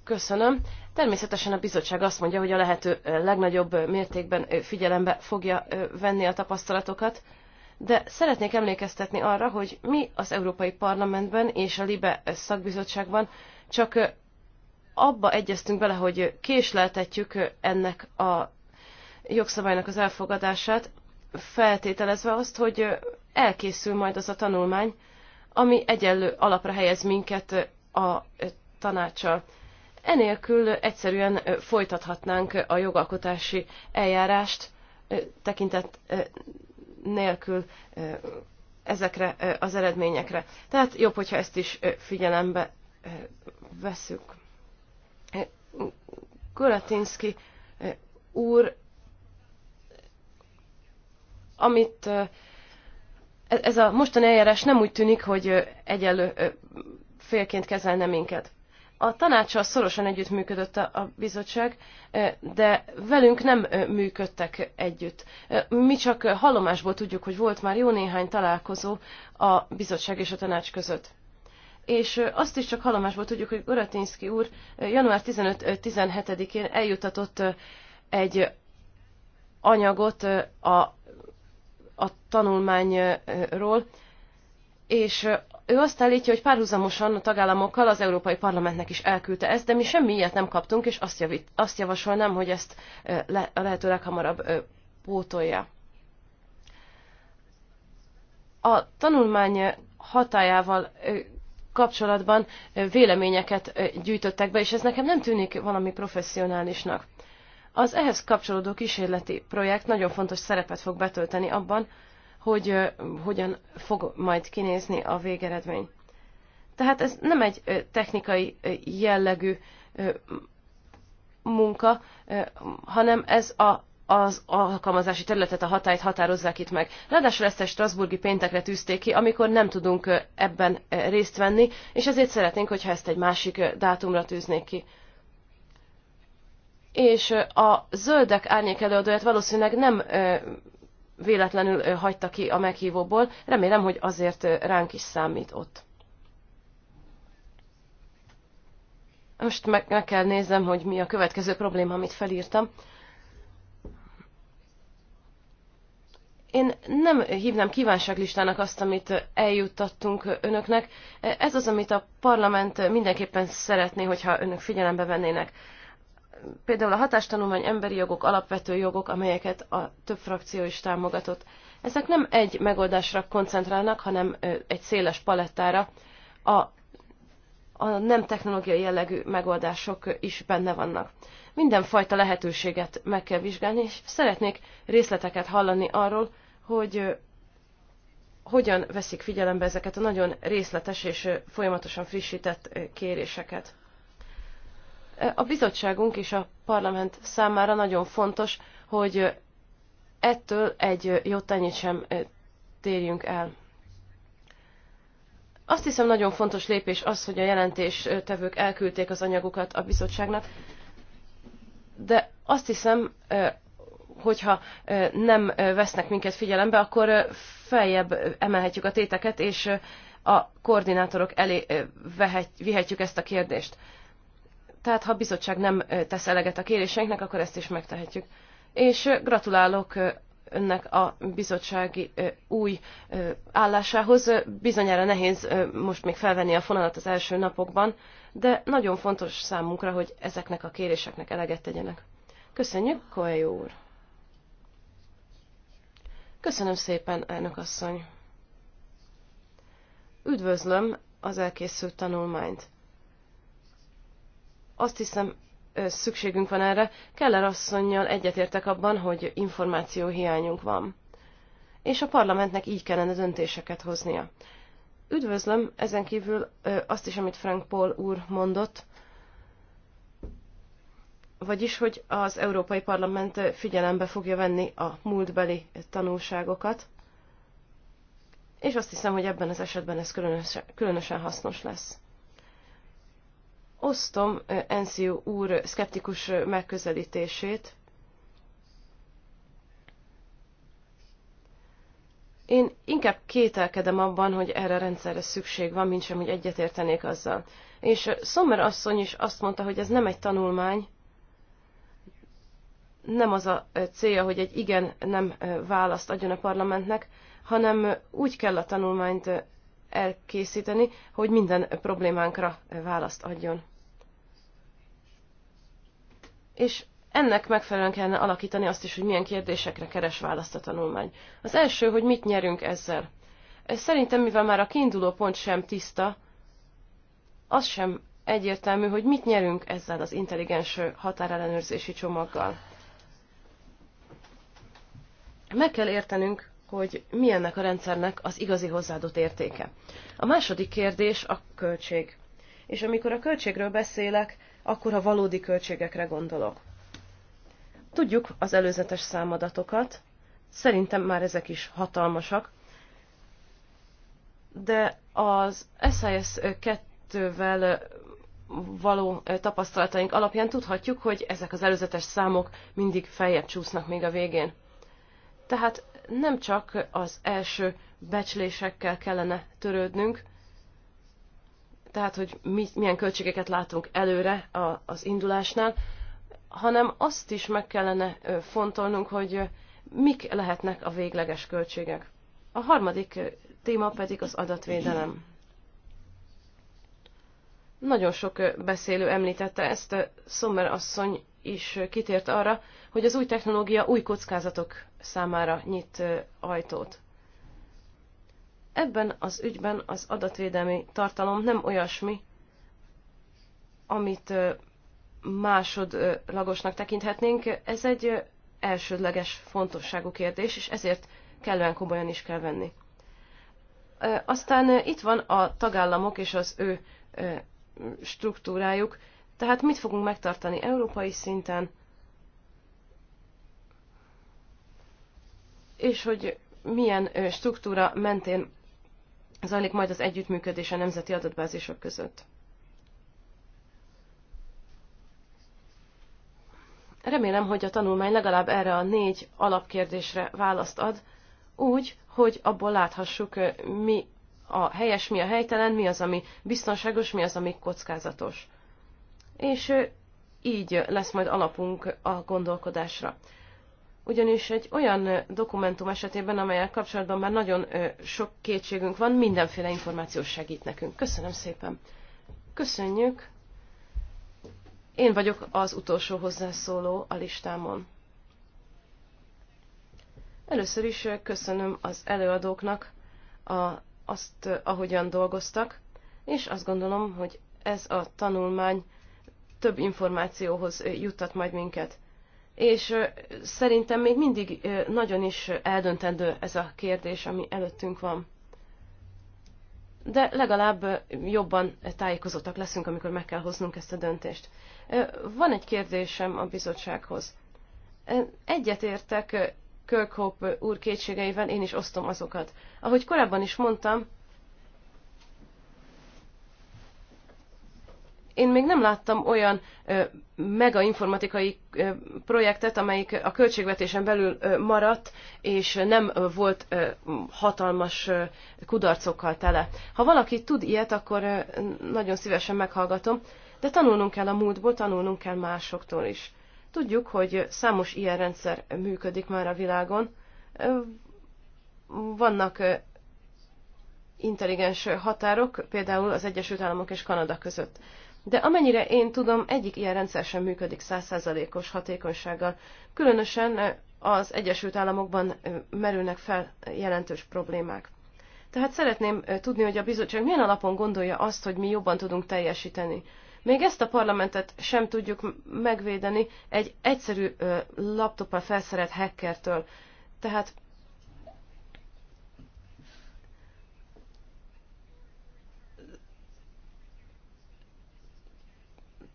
Speaker 2: Köszönöm. Természetesen a bizottság azt mondja, hogy a lehető legnagyobb mértékben figyelembe fogja venni a tapasztalatokat, de szeretnék emlékeztetni arra, hogy mi az Európai Parlamentben és a LIBE szakbizottságban csak abba egyeztünk bele, hogy késleltetjük ennek a jogszabálynak az elfogadását, feltételezve azt, hogy elkészül majd az a tanulmány, ami egyenlő alapra helyez minket a tanácsa, Enélkül egyszerűen folytathatnánk a jogalkotási eljárást tekintet nélkül ezekre az eredményekre. Tehát jobb, hogyha ezt is figyelembe veszük. Kuratinski úr, amit ez a mostani eljárás nem úgy tűnik, hogy egyenlő félként kezelne minket. A tanácssal szorosan együttműködött a, a bizottság, de velünk nem működtek együtt. Mi csak hallomásból tudjuk, hogy volt már jó néhány találkozó a bizottság és a tanács között. És azt is csak hallomásból tudjuk, hogy Goratinszki úr január 15-17-én eljutatott egy anyagot a a tanulmányról, és ő azt állítja, hogy párhuzamosan a tagállamokkal az Európai Parlamentnek is elküldte ezt, de mi semmi ilyet nem kaptunk, és azt, javít, azt javasolnám, hogy ezt le, a lehető leghamarabb pótolja. A tanulmány hatájával kapcsolatban véleményeket gyűjtöttek be, és ez nekem nem tűnik valami professzionálisnak. Az ehhez kapcsolódó kísérleti projekt nagyon fontos szerepet fog betölteni abban, hogy hogyan fog majd kinézni a végeredmény. Tehát ez nem egy technikai jellegű munka, hanem ez a, az alkalmazási területet, a hatályt határozzák itt meg. Ráadásul ezt egy Strasburgi péntekre tűzték ki, amikor nem tudunk ebben részt venni, és ezért szeretnénk, hogyha ezt egy másik dátumra tűznék ki és a zöldek árnyék előadóját valószínűleg nem véletlenül hagyta ki a meghívóból. Remélem, hogy azért ránk is számít ott. Most meg, meg kell néznem, hogy mi a következő probléma, amit felírtam. Én nem hívnám kívánságlistának azt, amit eljuttattunk önöknek. Ez az, amit a parlament mindenképpen szeretné, hogyha önök figyelembe vennének például a hatástanulmány emberi jogok, alapvető jogok, amelyeket a több frakció is támogatott. Ezek nem egy megoldásra koncentrálnak, hanem egy széles palettára. A, a nem technológiai jellegű megoldások is benne vannak. Mindenfajta lehetőséget meg kell vizsgálni, és szeretnék részleteket hallani arról, hogy hogyan veszik figyelembe ezeket a nagyon részletes és folyamatosan frissített kéréseket. A bizottságunk és a parlament számára nagyon fontos, hogy ettől egy jótányit sem térjünk el. Azt hiszem nagyon fontos lépés az, hogy a jelentéstevők elküldték az anyagukat a bizottságnak, de azt hiszem, hogyha nem vesznek minket figyelembe, akkor feljebb emelhetjük a téteket, és a koordinátorok elé vehet, vihetjük ezt a kérdést. Tehát ha a bizottság nem tesz eleget a kéréseinknek, akkor ezt is megtehetjük. És gratulálok önnek a bizottsági új állásához. Bizonyára nehéz most még felvenni a fonalat az első napokban, de nagyon fontos számunkra, hogy ezeknek a kéréseknek eleget tegyenek. Köszönjük, Koelyó úr! Köszönöm szépen, elnök asszony! Üdvözlöm az elkészült tanulmányt! Azt hiszem, szükségünk van erre. Keller asszonynal egyetértek abban, hogy információ hiányunk van. És a parlamentnek így kellene döntéseket hoznia. Üdvözlöm ezen kívül azt is, amit Frank Paul úr mondott, vagyis, hogy az Európai Parlament figyelembe fogja venni a múltbeli tanulságokat, és azt hiszem, hogy ebben az esetben ez különösen, különösen hasznos lesz. Osztom Enzio úr szkeptikus megközelítését. Én inkább kételkedem abban, hogy erre a rendszerre szükség van, mint sem, hogy egyetértenék azzal. És Sommer asszony is azt mondta, hogy ez nem egy tanulmány, nem az a célja, hogy egy igen-nem választ adjon a parlamentnek, hanem úgy kell a tanulmányt elkészíteni, hogy minden problémánkra választ adjon. És ennek megfelelően kellene alakítani azt is, hogy milyen kérdésekre keres választ a tanulmány. Az első, hogy mit nyerünk ezzel. Szerintem, mivel már a kiinduló pont sem tiszta, az sem egyértelmű, hogy mit nyerünk ezzel az intelligens határellenőrzési csomaggal. Meg kell értenünk, hogy mi ennek a rendszernek az igazi hozzáadott értéke. A második kérdés a költség. És amikor a költségről beszélek, akkor a valódi költségekre gondolok. Tudjuk az előzetes számadatokat, szerintem már ezek is hatalmasak, de az SIS 2-vel való tapasztalataink alapján tudhatjuk, hogy ezek az előzetes számok mindig feljebb csúsznak még a végén. Tehát nem csak az első becslésekkel kellene törődnünk, tehát hogy mi, milyen költségeket látunk előre a, az indulásnál, hanem azt is meg kellene fontolnunk, hogy mik lehetnek a végleges költségek. A harmadik téma pedig az adatvédelem. Nagyon sok beszélő említette ezt, Szomer asszony is kitért arra, hogy az új technológia új kockázatok számára nyit ajtót. Ebben az ügyben az adatvédelmi tartalom nem olyasmi, amit másodlagosnak tekinthetnénk, ez egy elsődleges fontosságú kérdés, és ezért kellően komolyan is kell venni. Aztán itt van a tagállamok és az ő struktúrájuk, tehát mit fogunk megtartani európai szinten, és hogy milyen struktúra mentén zajlik majd az együttműködés a nemzeti adatbázisok között. Remélem, hogy a tanulmány legalább erre a négy alapkérdésre választ ad, úgy, hogy abból láthassuk, mi a helyes, mi a helytelen, mi az, ami biztonságos, mi az, ami kockázatos és így lesz majd alapunk a gondolkodásra. Ugyanis egy olyan dokumentum esetében, amelyel kapcsolatban már nagyon sok kétségünk van, mindenféle információ segít nekünk. Köszönöm szépen. Köszönjük. Én vagyok az utolsó hozzászóló a listámon. Először is köszönöm az előadóknak a, azt, ahogyan dolgoztak, és azt gondolom, hogy ez a tanulmány több információhoz juttat majd minket. És szerintem még mindig nagyon is eldöntendő ez a kérdés, ami előttünk van. De legalább jobban tájékozottak leszünk, amikor meg kell hoznunk ezt a döntést. Van egy kérdésem a bizottsághoz. Egyetértek Kirkhope úr kétségeivel, én is osztom azokat. Ahogy korábban is mondtam, én még nem láttam olyan mega informatikai projektet, amelyik a költségvetésen belül maradt, és nem volt hatalmas kudarcokkal tele. Ha valaki tud ilyet, akkor nagyon szívesen meghallgatom, de tanulnunk kell a múltból, tanulnunk kell másoktól is. Tudjuk, hogy számos ilyen rendszer működik már a világon. Vannak intelligens határok, például az Egyesült Államok és Kanada között. De amennyire én tudom, egyik ilyen rendszer sem működik százszázalékos hatékonysággal. Különösen eh, az Egyesült Államokban eh, merülnek fel jelentős problémák. Tehát szeretném eh, tudni, hogy a bizottság milyen alapon gondolja azt, hogy mi jobban tudunk teljesíteni. Még ezt a parlamentet sem tudjuk megvédeni egy egyszerű laptoppal felszerelt hackertől. Tehát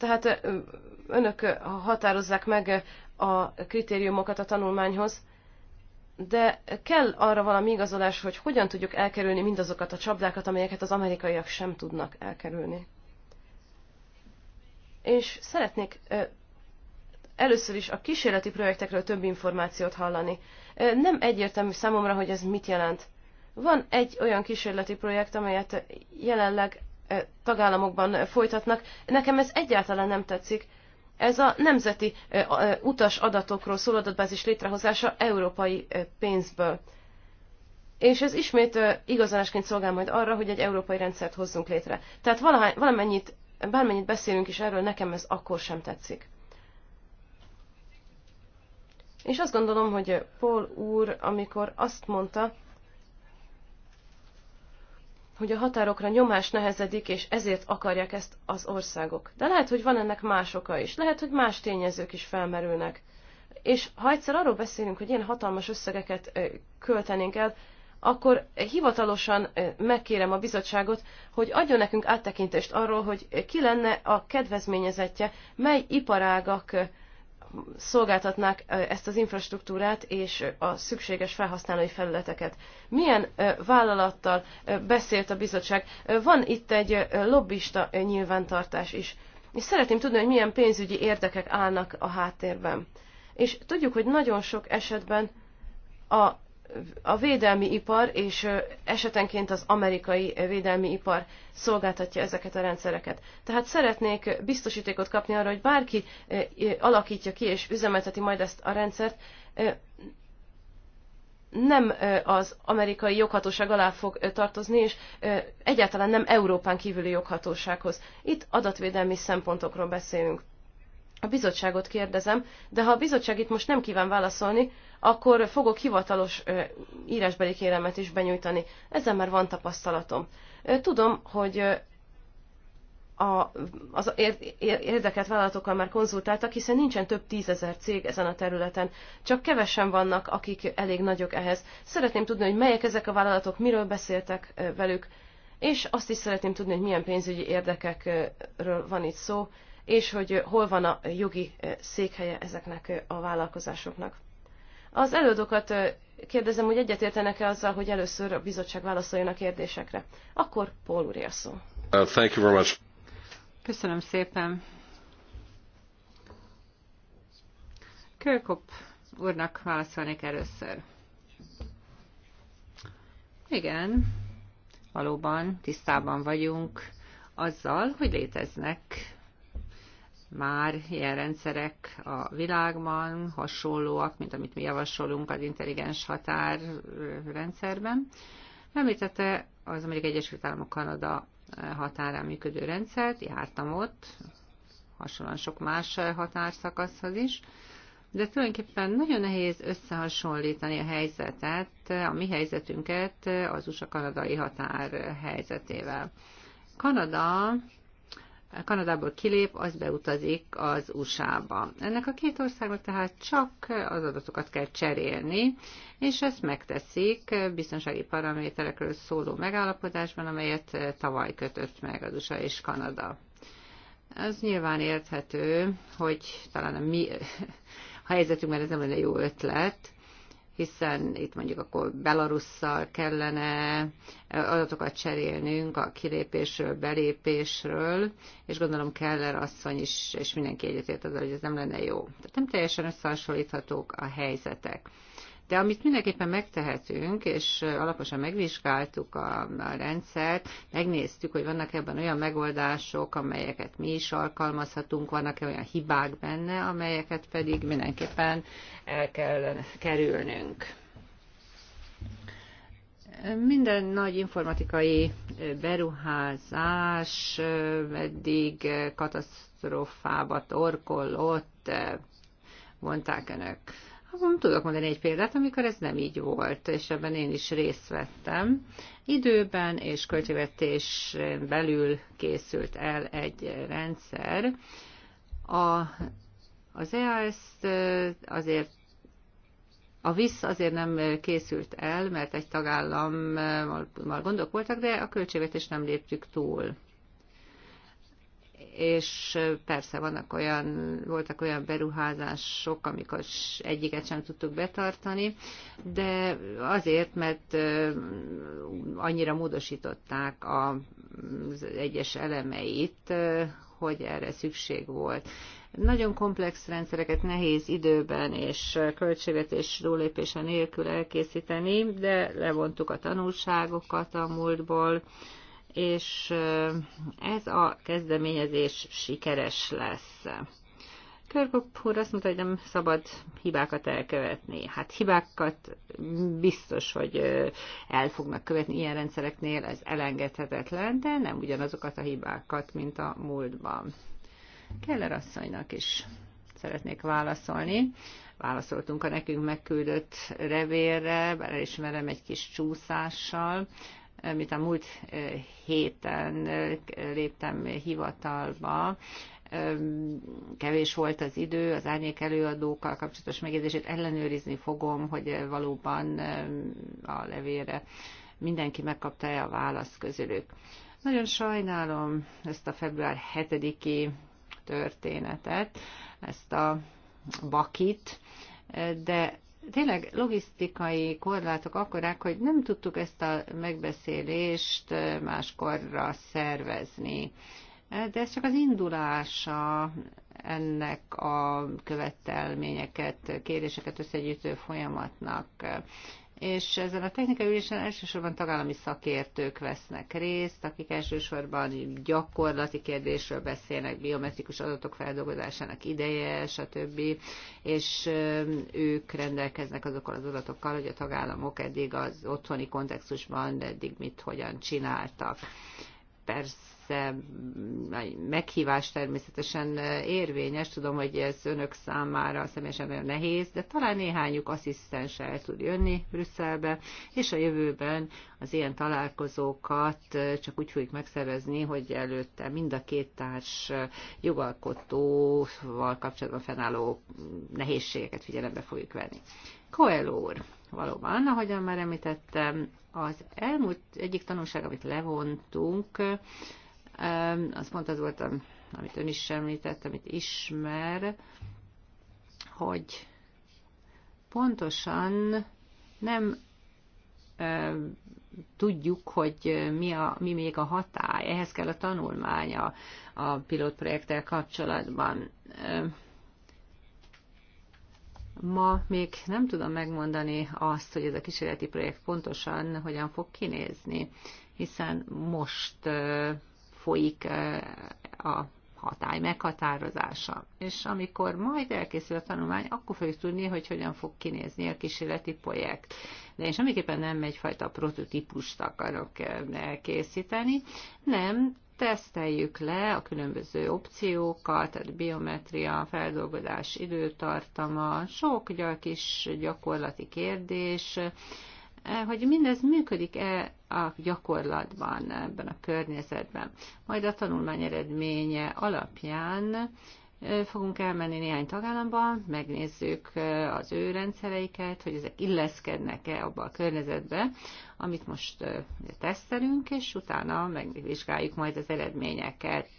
Speaker 2: Tehát önök határozzák meg a kritériumokat a tanulmányhoz, de kell arra valami igazolás, hogy hogyan tudjuk elkerülni mindazokat a csapdákat, amelyeket az amerikaiak sem tudnak elkerülni. És szeretnék először is a kísérleti projektekről több információt hallani. Nem egyértelmű számomra, hogy ez mit jelent. Van egy olyan kísérleti projekt, amelyet jelenleg tagállamokban folytatnak. Nekem ez egyáltalán nem tetszik. Ez a nemzeti utas adatokról szóló adatbázis létrehozása európai pénzből. És ez ismét igazolásként szolgál majd arra, hogy egy európai rendszert hozzunk létre. Tehát valamennyit, bármennyit beszélünk is erről, nekem ez akkor sem tetszik. És azt gondolom, hogy Paul úr, amikor azt mondta, hogy a határokra nyomás nehezedik, és ezért akarják ezt az országok. De lehet, hogy van ennek más oka is, lehet, hogy más tényezők is felmerülnek. És ha egyszer arról beszélünk, hogy ilyen hatalmas összegeket költenénk el, akkor hivatalosan megkérem a bizottságot, hogy adjon nekünk áttekintést arról, hogy ki lenne a kedvezményezetje, mely iparágak szolgáltatnák ezt az infrastruktúrát és a szükséges felhasználói felületeket. Milyen vállalattal beszélt a bizottság? Van itt egy lobbista nyilvántartás is. És szeretném tudni, hogy milyen pénzügyi érdekek állnak a háttérben. És tudjuk, hogy nagyon sok esetben a a védelmi ipar és esetenként az amerikai védelmi ipar szolgáltatja ezeket a rendszereket. Tehát szeretnék biztosítékot kapni arra, hogy bárki alakítja ki és üzemelteti majd ezt a rendszert, nem az amerikai joghatóság alá fog tartozni, és egyáltalán nem Európán kívüli joghatósághoz. Itt adatvédelmi szempontokról beszélünk. A bizottságot kérdezem, de ha a bizottság itt most nem kíván válaszolni, akkor fogok hivatalos írásbeli kérelmet is benyújtani. Ezzel már van tapasztalatom. Tudom, hogy a, az érdekelt vállalatokkal már konzultáltak, hiszen nincsen több tízezer cég ezen a területen. Csak kevesen vannak, akik elég nagyok ehhez. Szeretném tudni, hogy melyek ezek a vállalatok, miről beszéltek velük, és azt is szeretném tudni, hogy milyen pénzügyi érdekekről van itt szó, és hogy hol van a jogi székhelye ezeknek a vállalkozásoknak. Az előadókat kérdezem, hogy egyetértenek-e azzal, hogy először a bizottság válaszoljon a kérdésekre. Akkor Paul úr szó.
Speaker 4: Uh, thank you very much.
Speaker 2: Köszönöm szépen.
Speaker 3: Kölkop úrnak válaszolnék először. Igen, valóban tisztában vagyunk azzal, hogy léteznek már ilyen rendszerek a világban hasonlóak, mint amit mi javasolunk az intelligens határ rendszerben. Említette az Amerikai Egyesült Államok Kanada határán működő rendszert, jártam ott, hasonlóan sok más határszakaszhoz is, de tulajdonképpen nagyon nehéz összehasonlítani a helyzetet, a mi helyzetünket az USA-kanadai határ helyzetével. Kanada Kanadából kilép, az beutazik az USA-ba. Ennek a két országnak tehát csak az adatokat kell cserélni, és ezt megteszik biztonsági paraméterekről szóló megállapodásban, amelyet eh, tavaly kötött meg az USA és Kanada. Ez nyilván érthető, hogy talán a mi [LAUGHS] helyzetünkben ez nem lenne jó ötlet, hiszen itt mondjuk akkor Belarusszal kellene adatokat cserélnünk a kilépésről, belépésről, és gondolom Keller asszony is, és mindenki egyetért azzal, hogy ez nem lenne jó. Tehát nem teljesen összehasonlíthatók a helyzetek. De amit mindenképpen megtehetünk, és alaposan megvizsgáltuk a, a rendszert, megnéztük, hogy vannak ebben olyan megoldások, amelyeket mi is alkalmazhatunk, vannak-e olyan hibák benne, amelyeket pedig mindenképpen el kell kerülnünk. Minden nagy informatikai beruházás eddig katasztrófába torkollott, mondták önök. Tudok mondani egy példát, amikor ez nem így volt, és ebben én is részt vettem. Időben és költségvetés belül készült el egy rendszer. A, az EAS azért a VISZ azért nem készült el, mert egy tagállammal gondok voltak, de a költségvetés nem léptük túl és persze vannak olyan, voltak olyan beruházások, amikor egyiket sem tudtuk betartani, de azért, mert annyira módosították az egyes elemeit, hogy erre szükség volt. Nagyon komplex rendszereket nehéz időben és költségvetés rólépése nélkül elkészíteni, de levontuk a tanulságokat a múltból, és ez a kezdeményezés sikeres lesz. Körgop úr azt mondta, hogy nem szabad hibákat elkövetni. Hát hibákat biztos, hogy el fognak követni ilyen rendszereknél, ez elengedhetetlen, de nem ugyanazokat a hibákat, mint a múltban. Keller asszonynak is szeretnék válaszolni. Válaszoltunk a nekünk megküldött revérre, bár elismerem egy kis csúszással, a múlt héten léptem hivatalba, kevés volt az idő, az árnyék előadókkal kapcsolatos megjegyzését ellenőrizni fogom, hogy valóban a levére mindenki megkapta-e a választ közülük. Nagyon sajnálom ezt a február 7-i történetet, ezt a bakit, de tényleg logisztikai korlátok akkorák, hogy nem tudtuk ezt a megbeszélést máskorra szervezni. De ez csak az indulása ennek a követelményeket, kéréseket összegyűjtő folyamatnak és ezen a technikai ülésen elsősorban tagállami szakértők vesznek részt, akik elsősorban gyakorlati kérdésről beszélnek, biometrikus adatok feldolgozásának ideje, stb. És ők rendelkeznek azokkal az adatokkal, hogy a tagállamok eddig az otthoni kontextusban eddig mit, hogyan csináltak. Persze meghívás természetesen érvényes, tudom, hogy ez önök számára személyesen nagyon nehéz, de talán néhányuk asszisztens el tud jönni Brüsszelbe, és a jövőben az ilyen találkozókat csak úgy fogjuk megszervezni, hogy előtte mind a két társ jogalkotóval kapcsolatban fennálló nehézségeket figyelembe fogjuk venni. Coelho úr, valóban, ahogyan már említettem, az elmúlt egyik tanulság, amit levontunk, az pont az volt, amit ön is említett, amit ismer, hogy pontosan nem tudjuk, hogy mi, a, mi még a hatály, ehhez kell a tanulmánya a pilotprojekttel kapcsolatban. Ma még nem tudom megmondani azt, hogy ez a kísérleti projekt pontosan hogyan fog kinézni, hiszen most folyik eh, a hatály meghatározása. És amikor majd elkészül a tanulmány, akkor fogjuk tudni, hogy hogyan fog kinézni a kísérleti projekt. De én semmiképpen nem egyfajta prototípust akarok eh, elkészíteni, nem, teszteljük le a különböző opciókat, tehát biometria, feldolgozás időtartama, sok kis gyakorlati kérdés, Eh, hogy mindez működik-e a gyakorlatban, ebben a környezetben. Majd a tanulmány eredménye alapján eh, fogunk elmenni néhány tagállamba, megnézzük eh, az ő rendszereiket, hogy ezek illeszkednek-e abba a környezetbe, amit most tesztelünk, és utána megvizsgáljuk majd az eredményeket.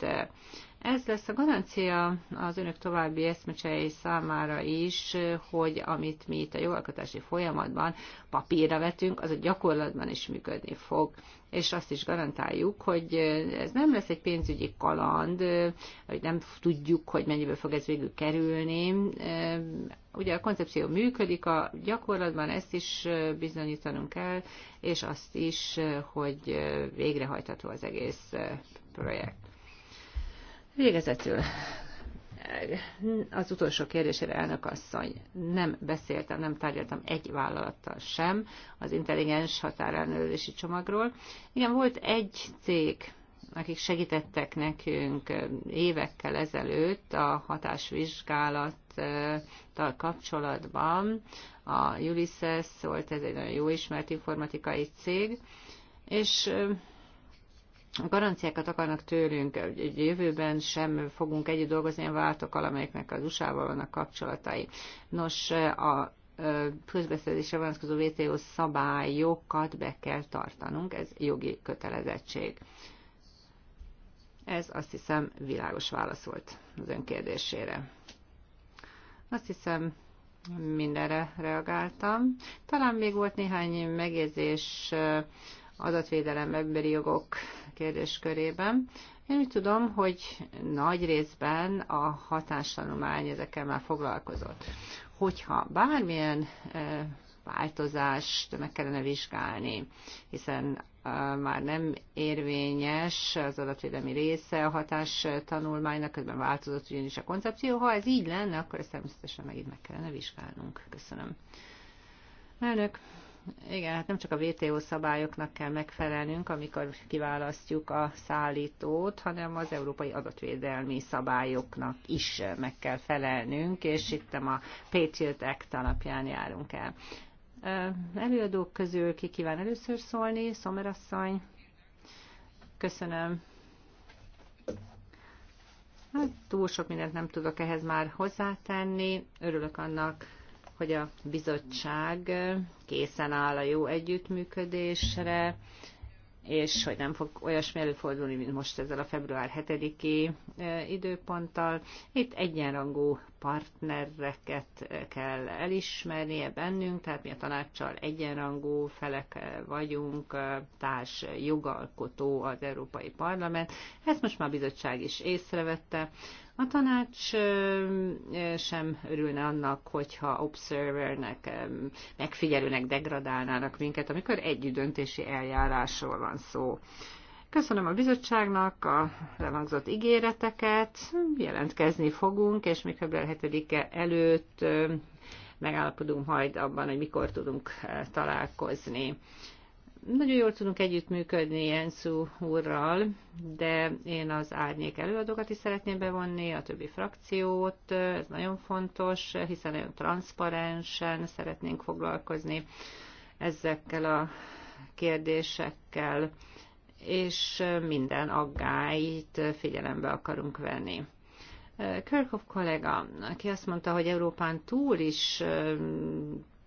Speaker 3: Ez lesz a garancia az önök további eszmecsei számára is, hogy amit mi itt a jogalkotási folyamatban papírra vetünk, az a gyakorlatban is működni fog. És azt is garantáljuk, hogy ez nem lesz egy pénzügyi kaland, hogy nem tudjuk, hogy mennyibe fog ez végül kerülni. Ugye a koncepció működik, a gyakorlatban ezt is bizonyítanunk kell, és azt is, hogy végrehajtható az egész projekt. Végezetül az utolsó kérdésére elnök asszony, nem beszéltem, nem tárgyaltam egy vállalattal sem az intelligens határellenőrzési csomagról. Igen, volt egy cég, akik segítettek nekünk évekkel ezelőtt a hatásvizsgálattal kapcsolatban. A Ulysses volt, ez egy nagyon jó ismert informatikai cég, és garanciákat akarnak tőlünk, hogy jövőben sem fogunk együtt dolgozni olyan váltókkal, amelyeknek az USA-val vannak kapcsolatai. Nos, a közbeszerzésre vonatkozó WTO szabályokat be kell tartanunk, ez jogi kötelezettség. Ez azt hiszem világos válasz volt az ön kérdésére. Azt hiszem mindenre reagáltam. Talán még volt néhány megjegyzés adatvédelem, emberi jogok kérdéskörében. Én úgy tudom, hogy nagy részben a hatástanulmány ezekkel már foglalkozott. Hogyha bármilyen e, változást meg kellene vizsgálni, hiszen e, már nem érvényes az adatvédelmi része a hatás tanulmánynak, közben változott ugyanis a koncepció. Ha ez így lenne, akkor ezt természetesen megint meg kellene vizsgálnunk. Köszönöm. Elnök, igen, hát nem csak a WTO szabályoknak kell megfelelnünk, amikor kiválasztjuk a szállítót, hanem az európai adatvédelmi szabályoknak is meg kell felelnünk, és itt nem a Patriot Act alapján járunk el. Előadók közül ki kíván először szólni? Szomerasszony. Köszönöm. Hát, túl sok mindent nem tudok ehhez már hozzátenni. Örülök annak, hogy a bizottság készen áll a jó együttműködésre, és hogy nem fog olyasmi előfordulni, mint most ezzel a február 7-i eh, időponttal. Itt egyenrangú partnereket kell elismernie bennünk, tehát mi a tanácssal egyenrangú felek vagyunk, társ jogalkotó az Európai Parlament. Ezt most már a bizottság is észrevette. A tanács sem örülne annak, hogyha observernek, megfigyelőnek degradálnának minket, amikor együttdöntési eljárásról van szó. Köszönöm a bizottságnak a elhangzott ígéreteket, jelentkezni fogunk, és még február 7-e előtt megállapodunk majd abban, hogy mikor tudunk találkozni. Nagyon jól tudunk együttműködni Jenszú úrral, de én az árnyék előadókat is szeretném bevonni, a többi frakciót, ez nagyon fontos, hiszen nagyon transzparensen szeretnénk foglalkozni ezekkel a kérdésekkel és minden aggályt figyelembe akarunk venni. Kirchhoff kollega, aki azt mondta, hogy Európán túl is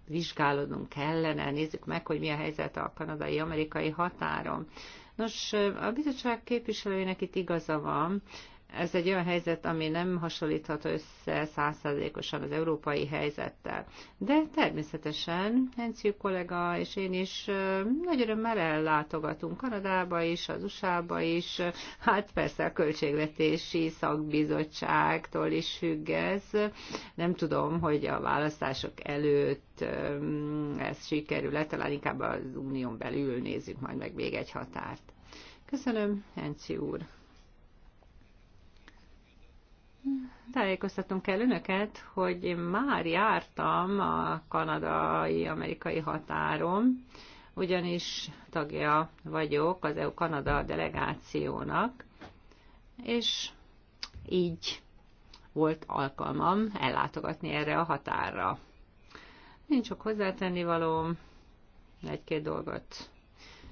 Speaker 3: vizsgálódnunk kellene, nézzük meg, hogy mi a helyzet a kanadai-amerikai határon. Nos, a bizottság képviselőjének itt igaza van, ez egy olyan helyzet, ami nem hasonlítható össze százszerzékosan az európai helyzettel. De természetesen Henciu kollega és én is nagy örömmel ellátogatunk Kanadába is, az USA-ba is, hát persze a költségvetési szakbizottságtól is függ ez. Nem tudom, hogy a választások előtt ez sikerül-e, talán inkább az unión belül nézzük majd meg még egy határt. Köszönöm, Henci úr! tájékoztatnunk kell önöket, hogy én már jártam a kanadai-amerikai határon, ugyanis tagja vagyok az EU-Kanada delegációnak, és így volt alkalmam ellátogatni erre a határra. Nincs sok hozzátenni való, egy-két dolgot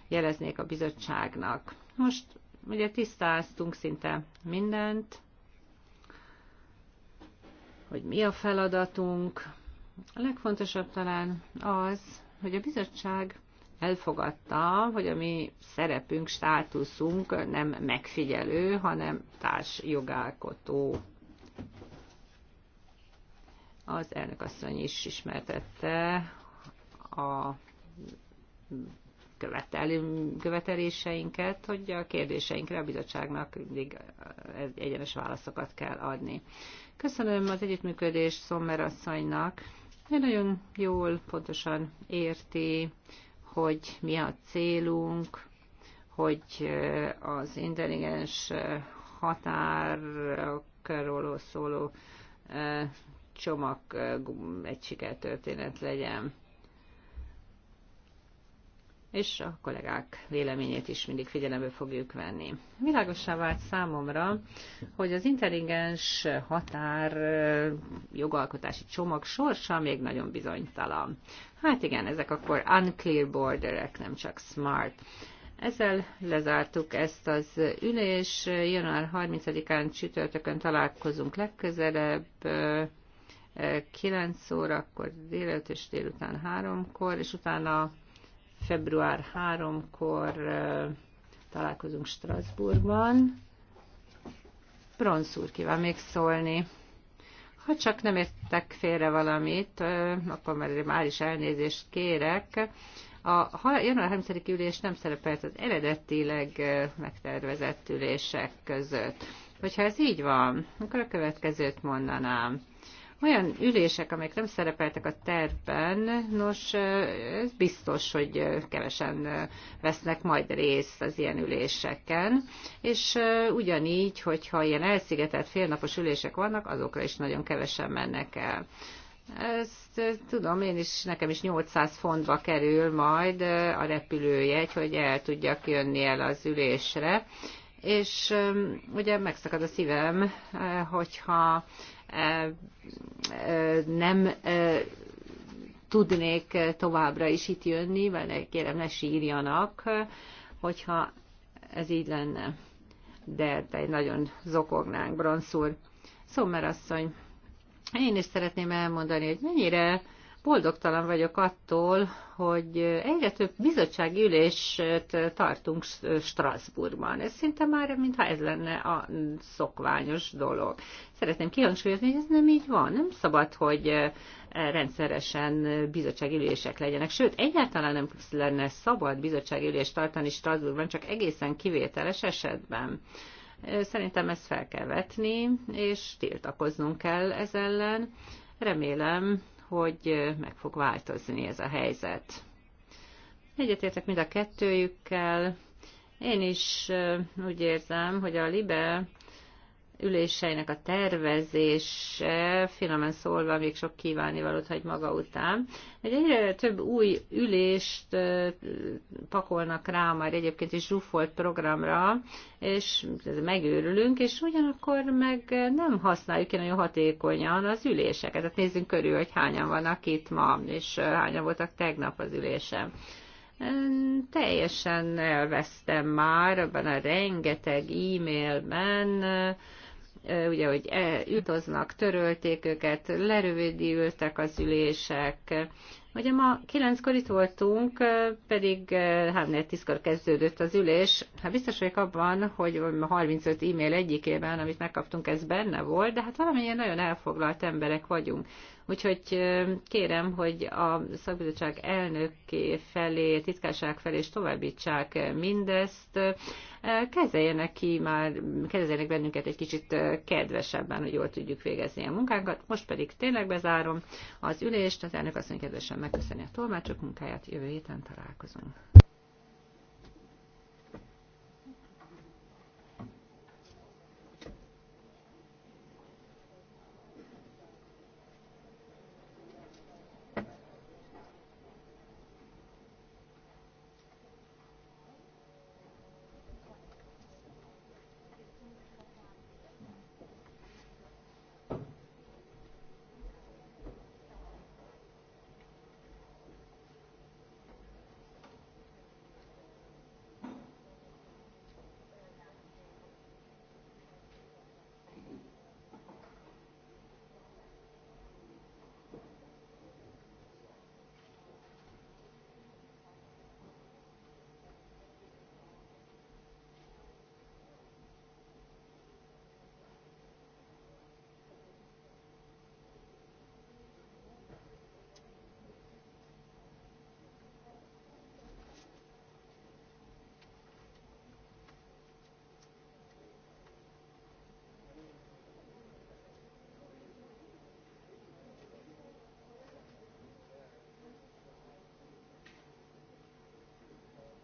Speaker 3: jeleznék a bizottságnak. Most ugye tisztáztunk szinte mindent, hogy mi a feladatunk. A legfontosabb talán az, hogy a bizottság elfogadta, hogy a mi szerepünk, státuszunk nem megfigyelő, hanem társjogálkotó. Az elnökasszony is ismertette a követel, követeléseinket, hogy a kérdéseinkre a bizottságnak mindig egyenes válaszokat kell adni. Köszönöm az együttműködést Szommer asszonynak. Ő nagyon jól, pontosan érti, hogy mi a célunk, hogy az intelligens határokról szóló csomag egy sikertörténet legyen és a kollégák véleményét is mindig figyelembe fogjuk venni. Világosá vált számomra, hogy az intelligens határ jogalkotási csomag sorsa még nagyon bizonytalan. Hát igen, ezek akkor unclear borderek, nem csak smart. Ezzel lezártuk ezt az ülés. Január 30-án csütörtökön találkozunk legközelebb. 9 órakor délelőtt és délután 3-kor, és utána Február 3-kor találkozunk Strasbourgban. Bronsz úr kíván még szólni. Ha csak nem értek félre valamit, akkor már, már is elnézést kérek. A január 3. ülés nem szerepelt az eredetileg megtervezett ülések között. Hogyha ez így van, akkor a következőt mondanám. Olyan ülések, amelyek nem szerepeltek a tervben, nos, ez biztos, hogy kevesen vesznek majd részt az ilyen üléseken, és ugyanígy, hogyha ilyen elszigetelt félnapos ülések vannak, azokra is nagyon kevesen mennek el. Ezt tudom, én is, nekem is 800 fontba kerül majd a repülőjegy, hogy el tudjak jönni el az ülésre. És ugye megszakad a szívem, hogyha nem tudnék továbbra is itt jönni, mert kérem ne sírjanak, hogyha ez így lenne. De, de nagyon zokognánk, bronzúr. úr. Szomer asszony, én is szeretném elmondani, hogy mennyire boldogtalan vagyok attól, hogy egyre több bizottsági ülést tartunk Strasbourgban. Ez szinte már, mintha ez lenne a szokványos dolog. Szeretném kihangsúlyozni, hogy ez nem így van. Nem szabad, hogy eh, rendszeresen bizottsági ülések legyenek. Sőt, egyáltalán nem lenne szabad bizottsági ülést tartani Strasbourgban, csak egészen kivételes esetben. Eh, szerintem ezt fel kell vetni, és tiltakoznunk kell ez ellen. Remélem, hogy meg fog változni ez a helyzet. Egyetértek mind a kettőjükkel. Én is úgy érzem, hogy a LIBE üléseinek a tervezése, finoman szólva, még sok kívánivalót hagy maga után. Egy egyre több új ülést pakolnak rá már egyébként is zsúfolt programra, és megőrülünk, és ugyanakkor meg nem használjuk ki nagyon hatékonyan az üléseket. Tehát nézzünk körül, hogy hányan vannak itt ma, és hányan voltak tegnap az ülésen teljesen elvesztem már abban a rengeteg e-mailben, ugye, hogy e, jutoznak, törölték őket, lerövidültek az ülések. Ugye ma kilenckor itt voltunk, pedig 3 10 kezdődött az ülés. Hát biztos vagyok abban, hogy 35 e-mail egyikében, amit megkaptunk, ez benne volt, de hát valamilyen nagyon elfoglalt emberek vagyunk. Úgyhogy kérem, hogy a szakbizottság elnöké felé, titkárság felé is továbbítsák mindezt. Kezeljenek ki már, kezeljenek bennünket egy kicsit kedvesebben, hogy jól tudjuk végezni a munkánkat. Most pedig tényleg bezárom az ülést. Az elnök azt hogy kedvesen megköszöni a tolmácsok munkáját. Jövő héten találkozunk.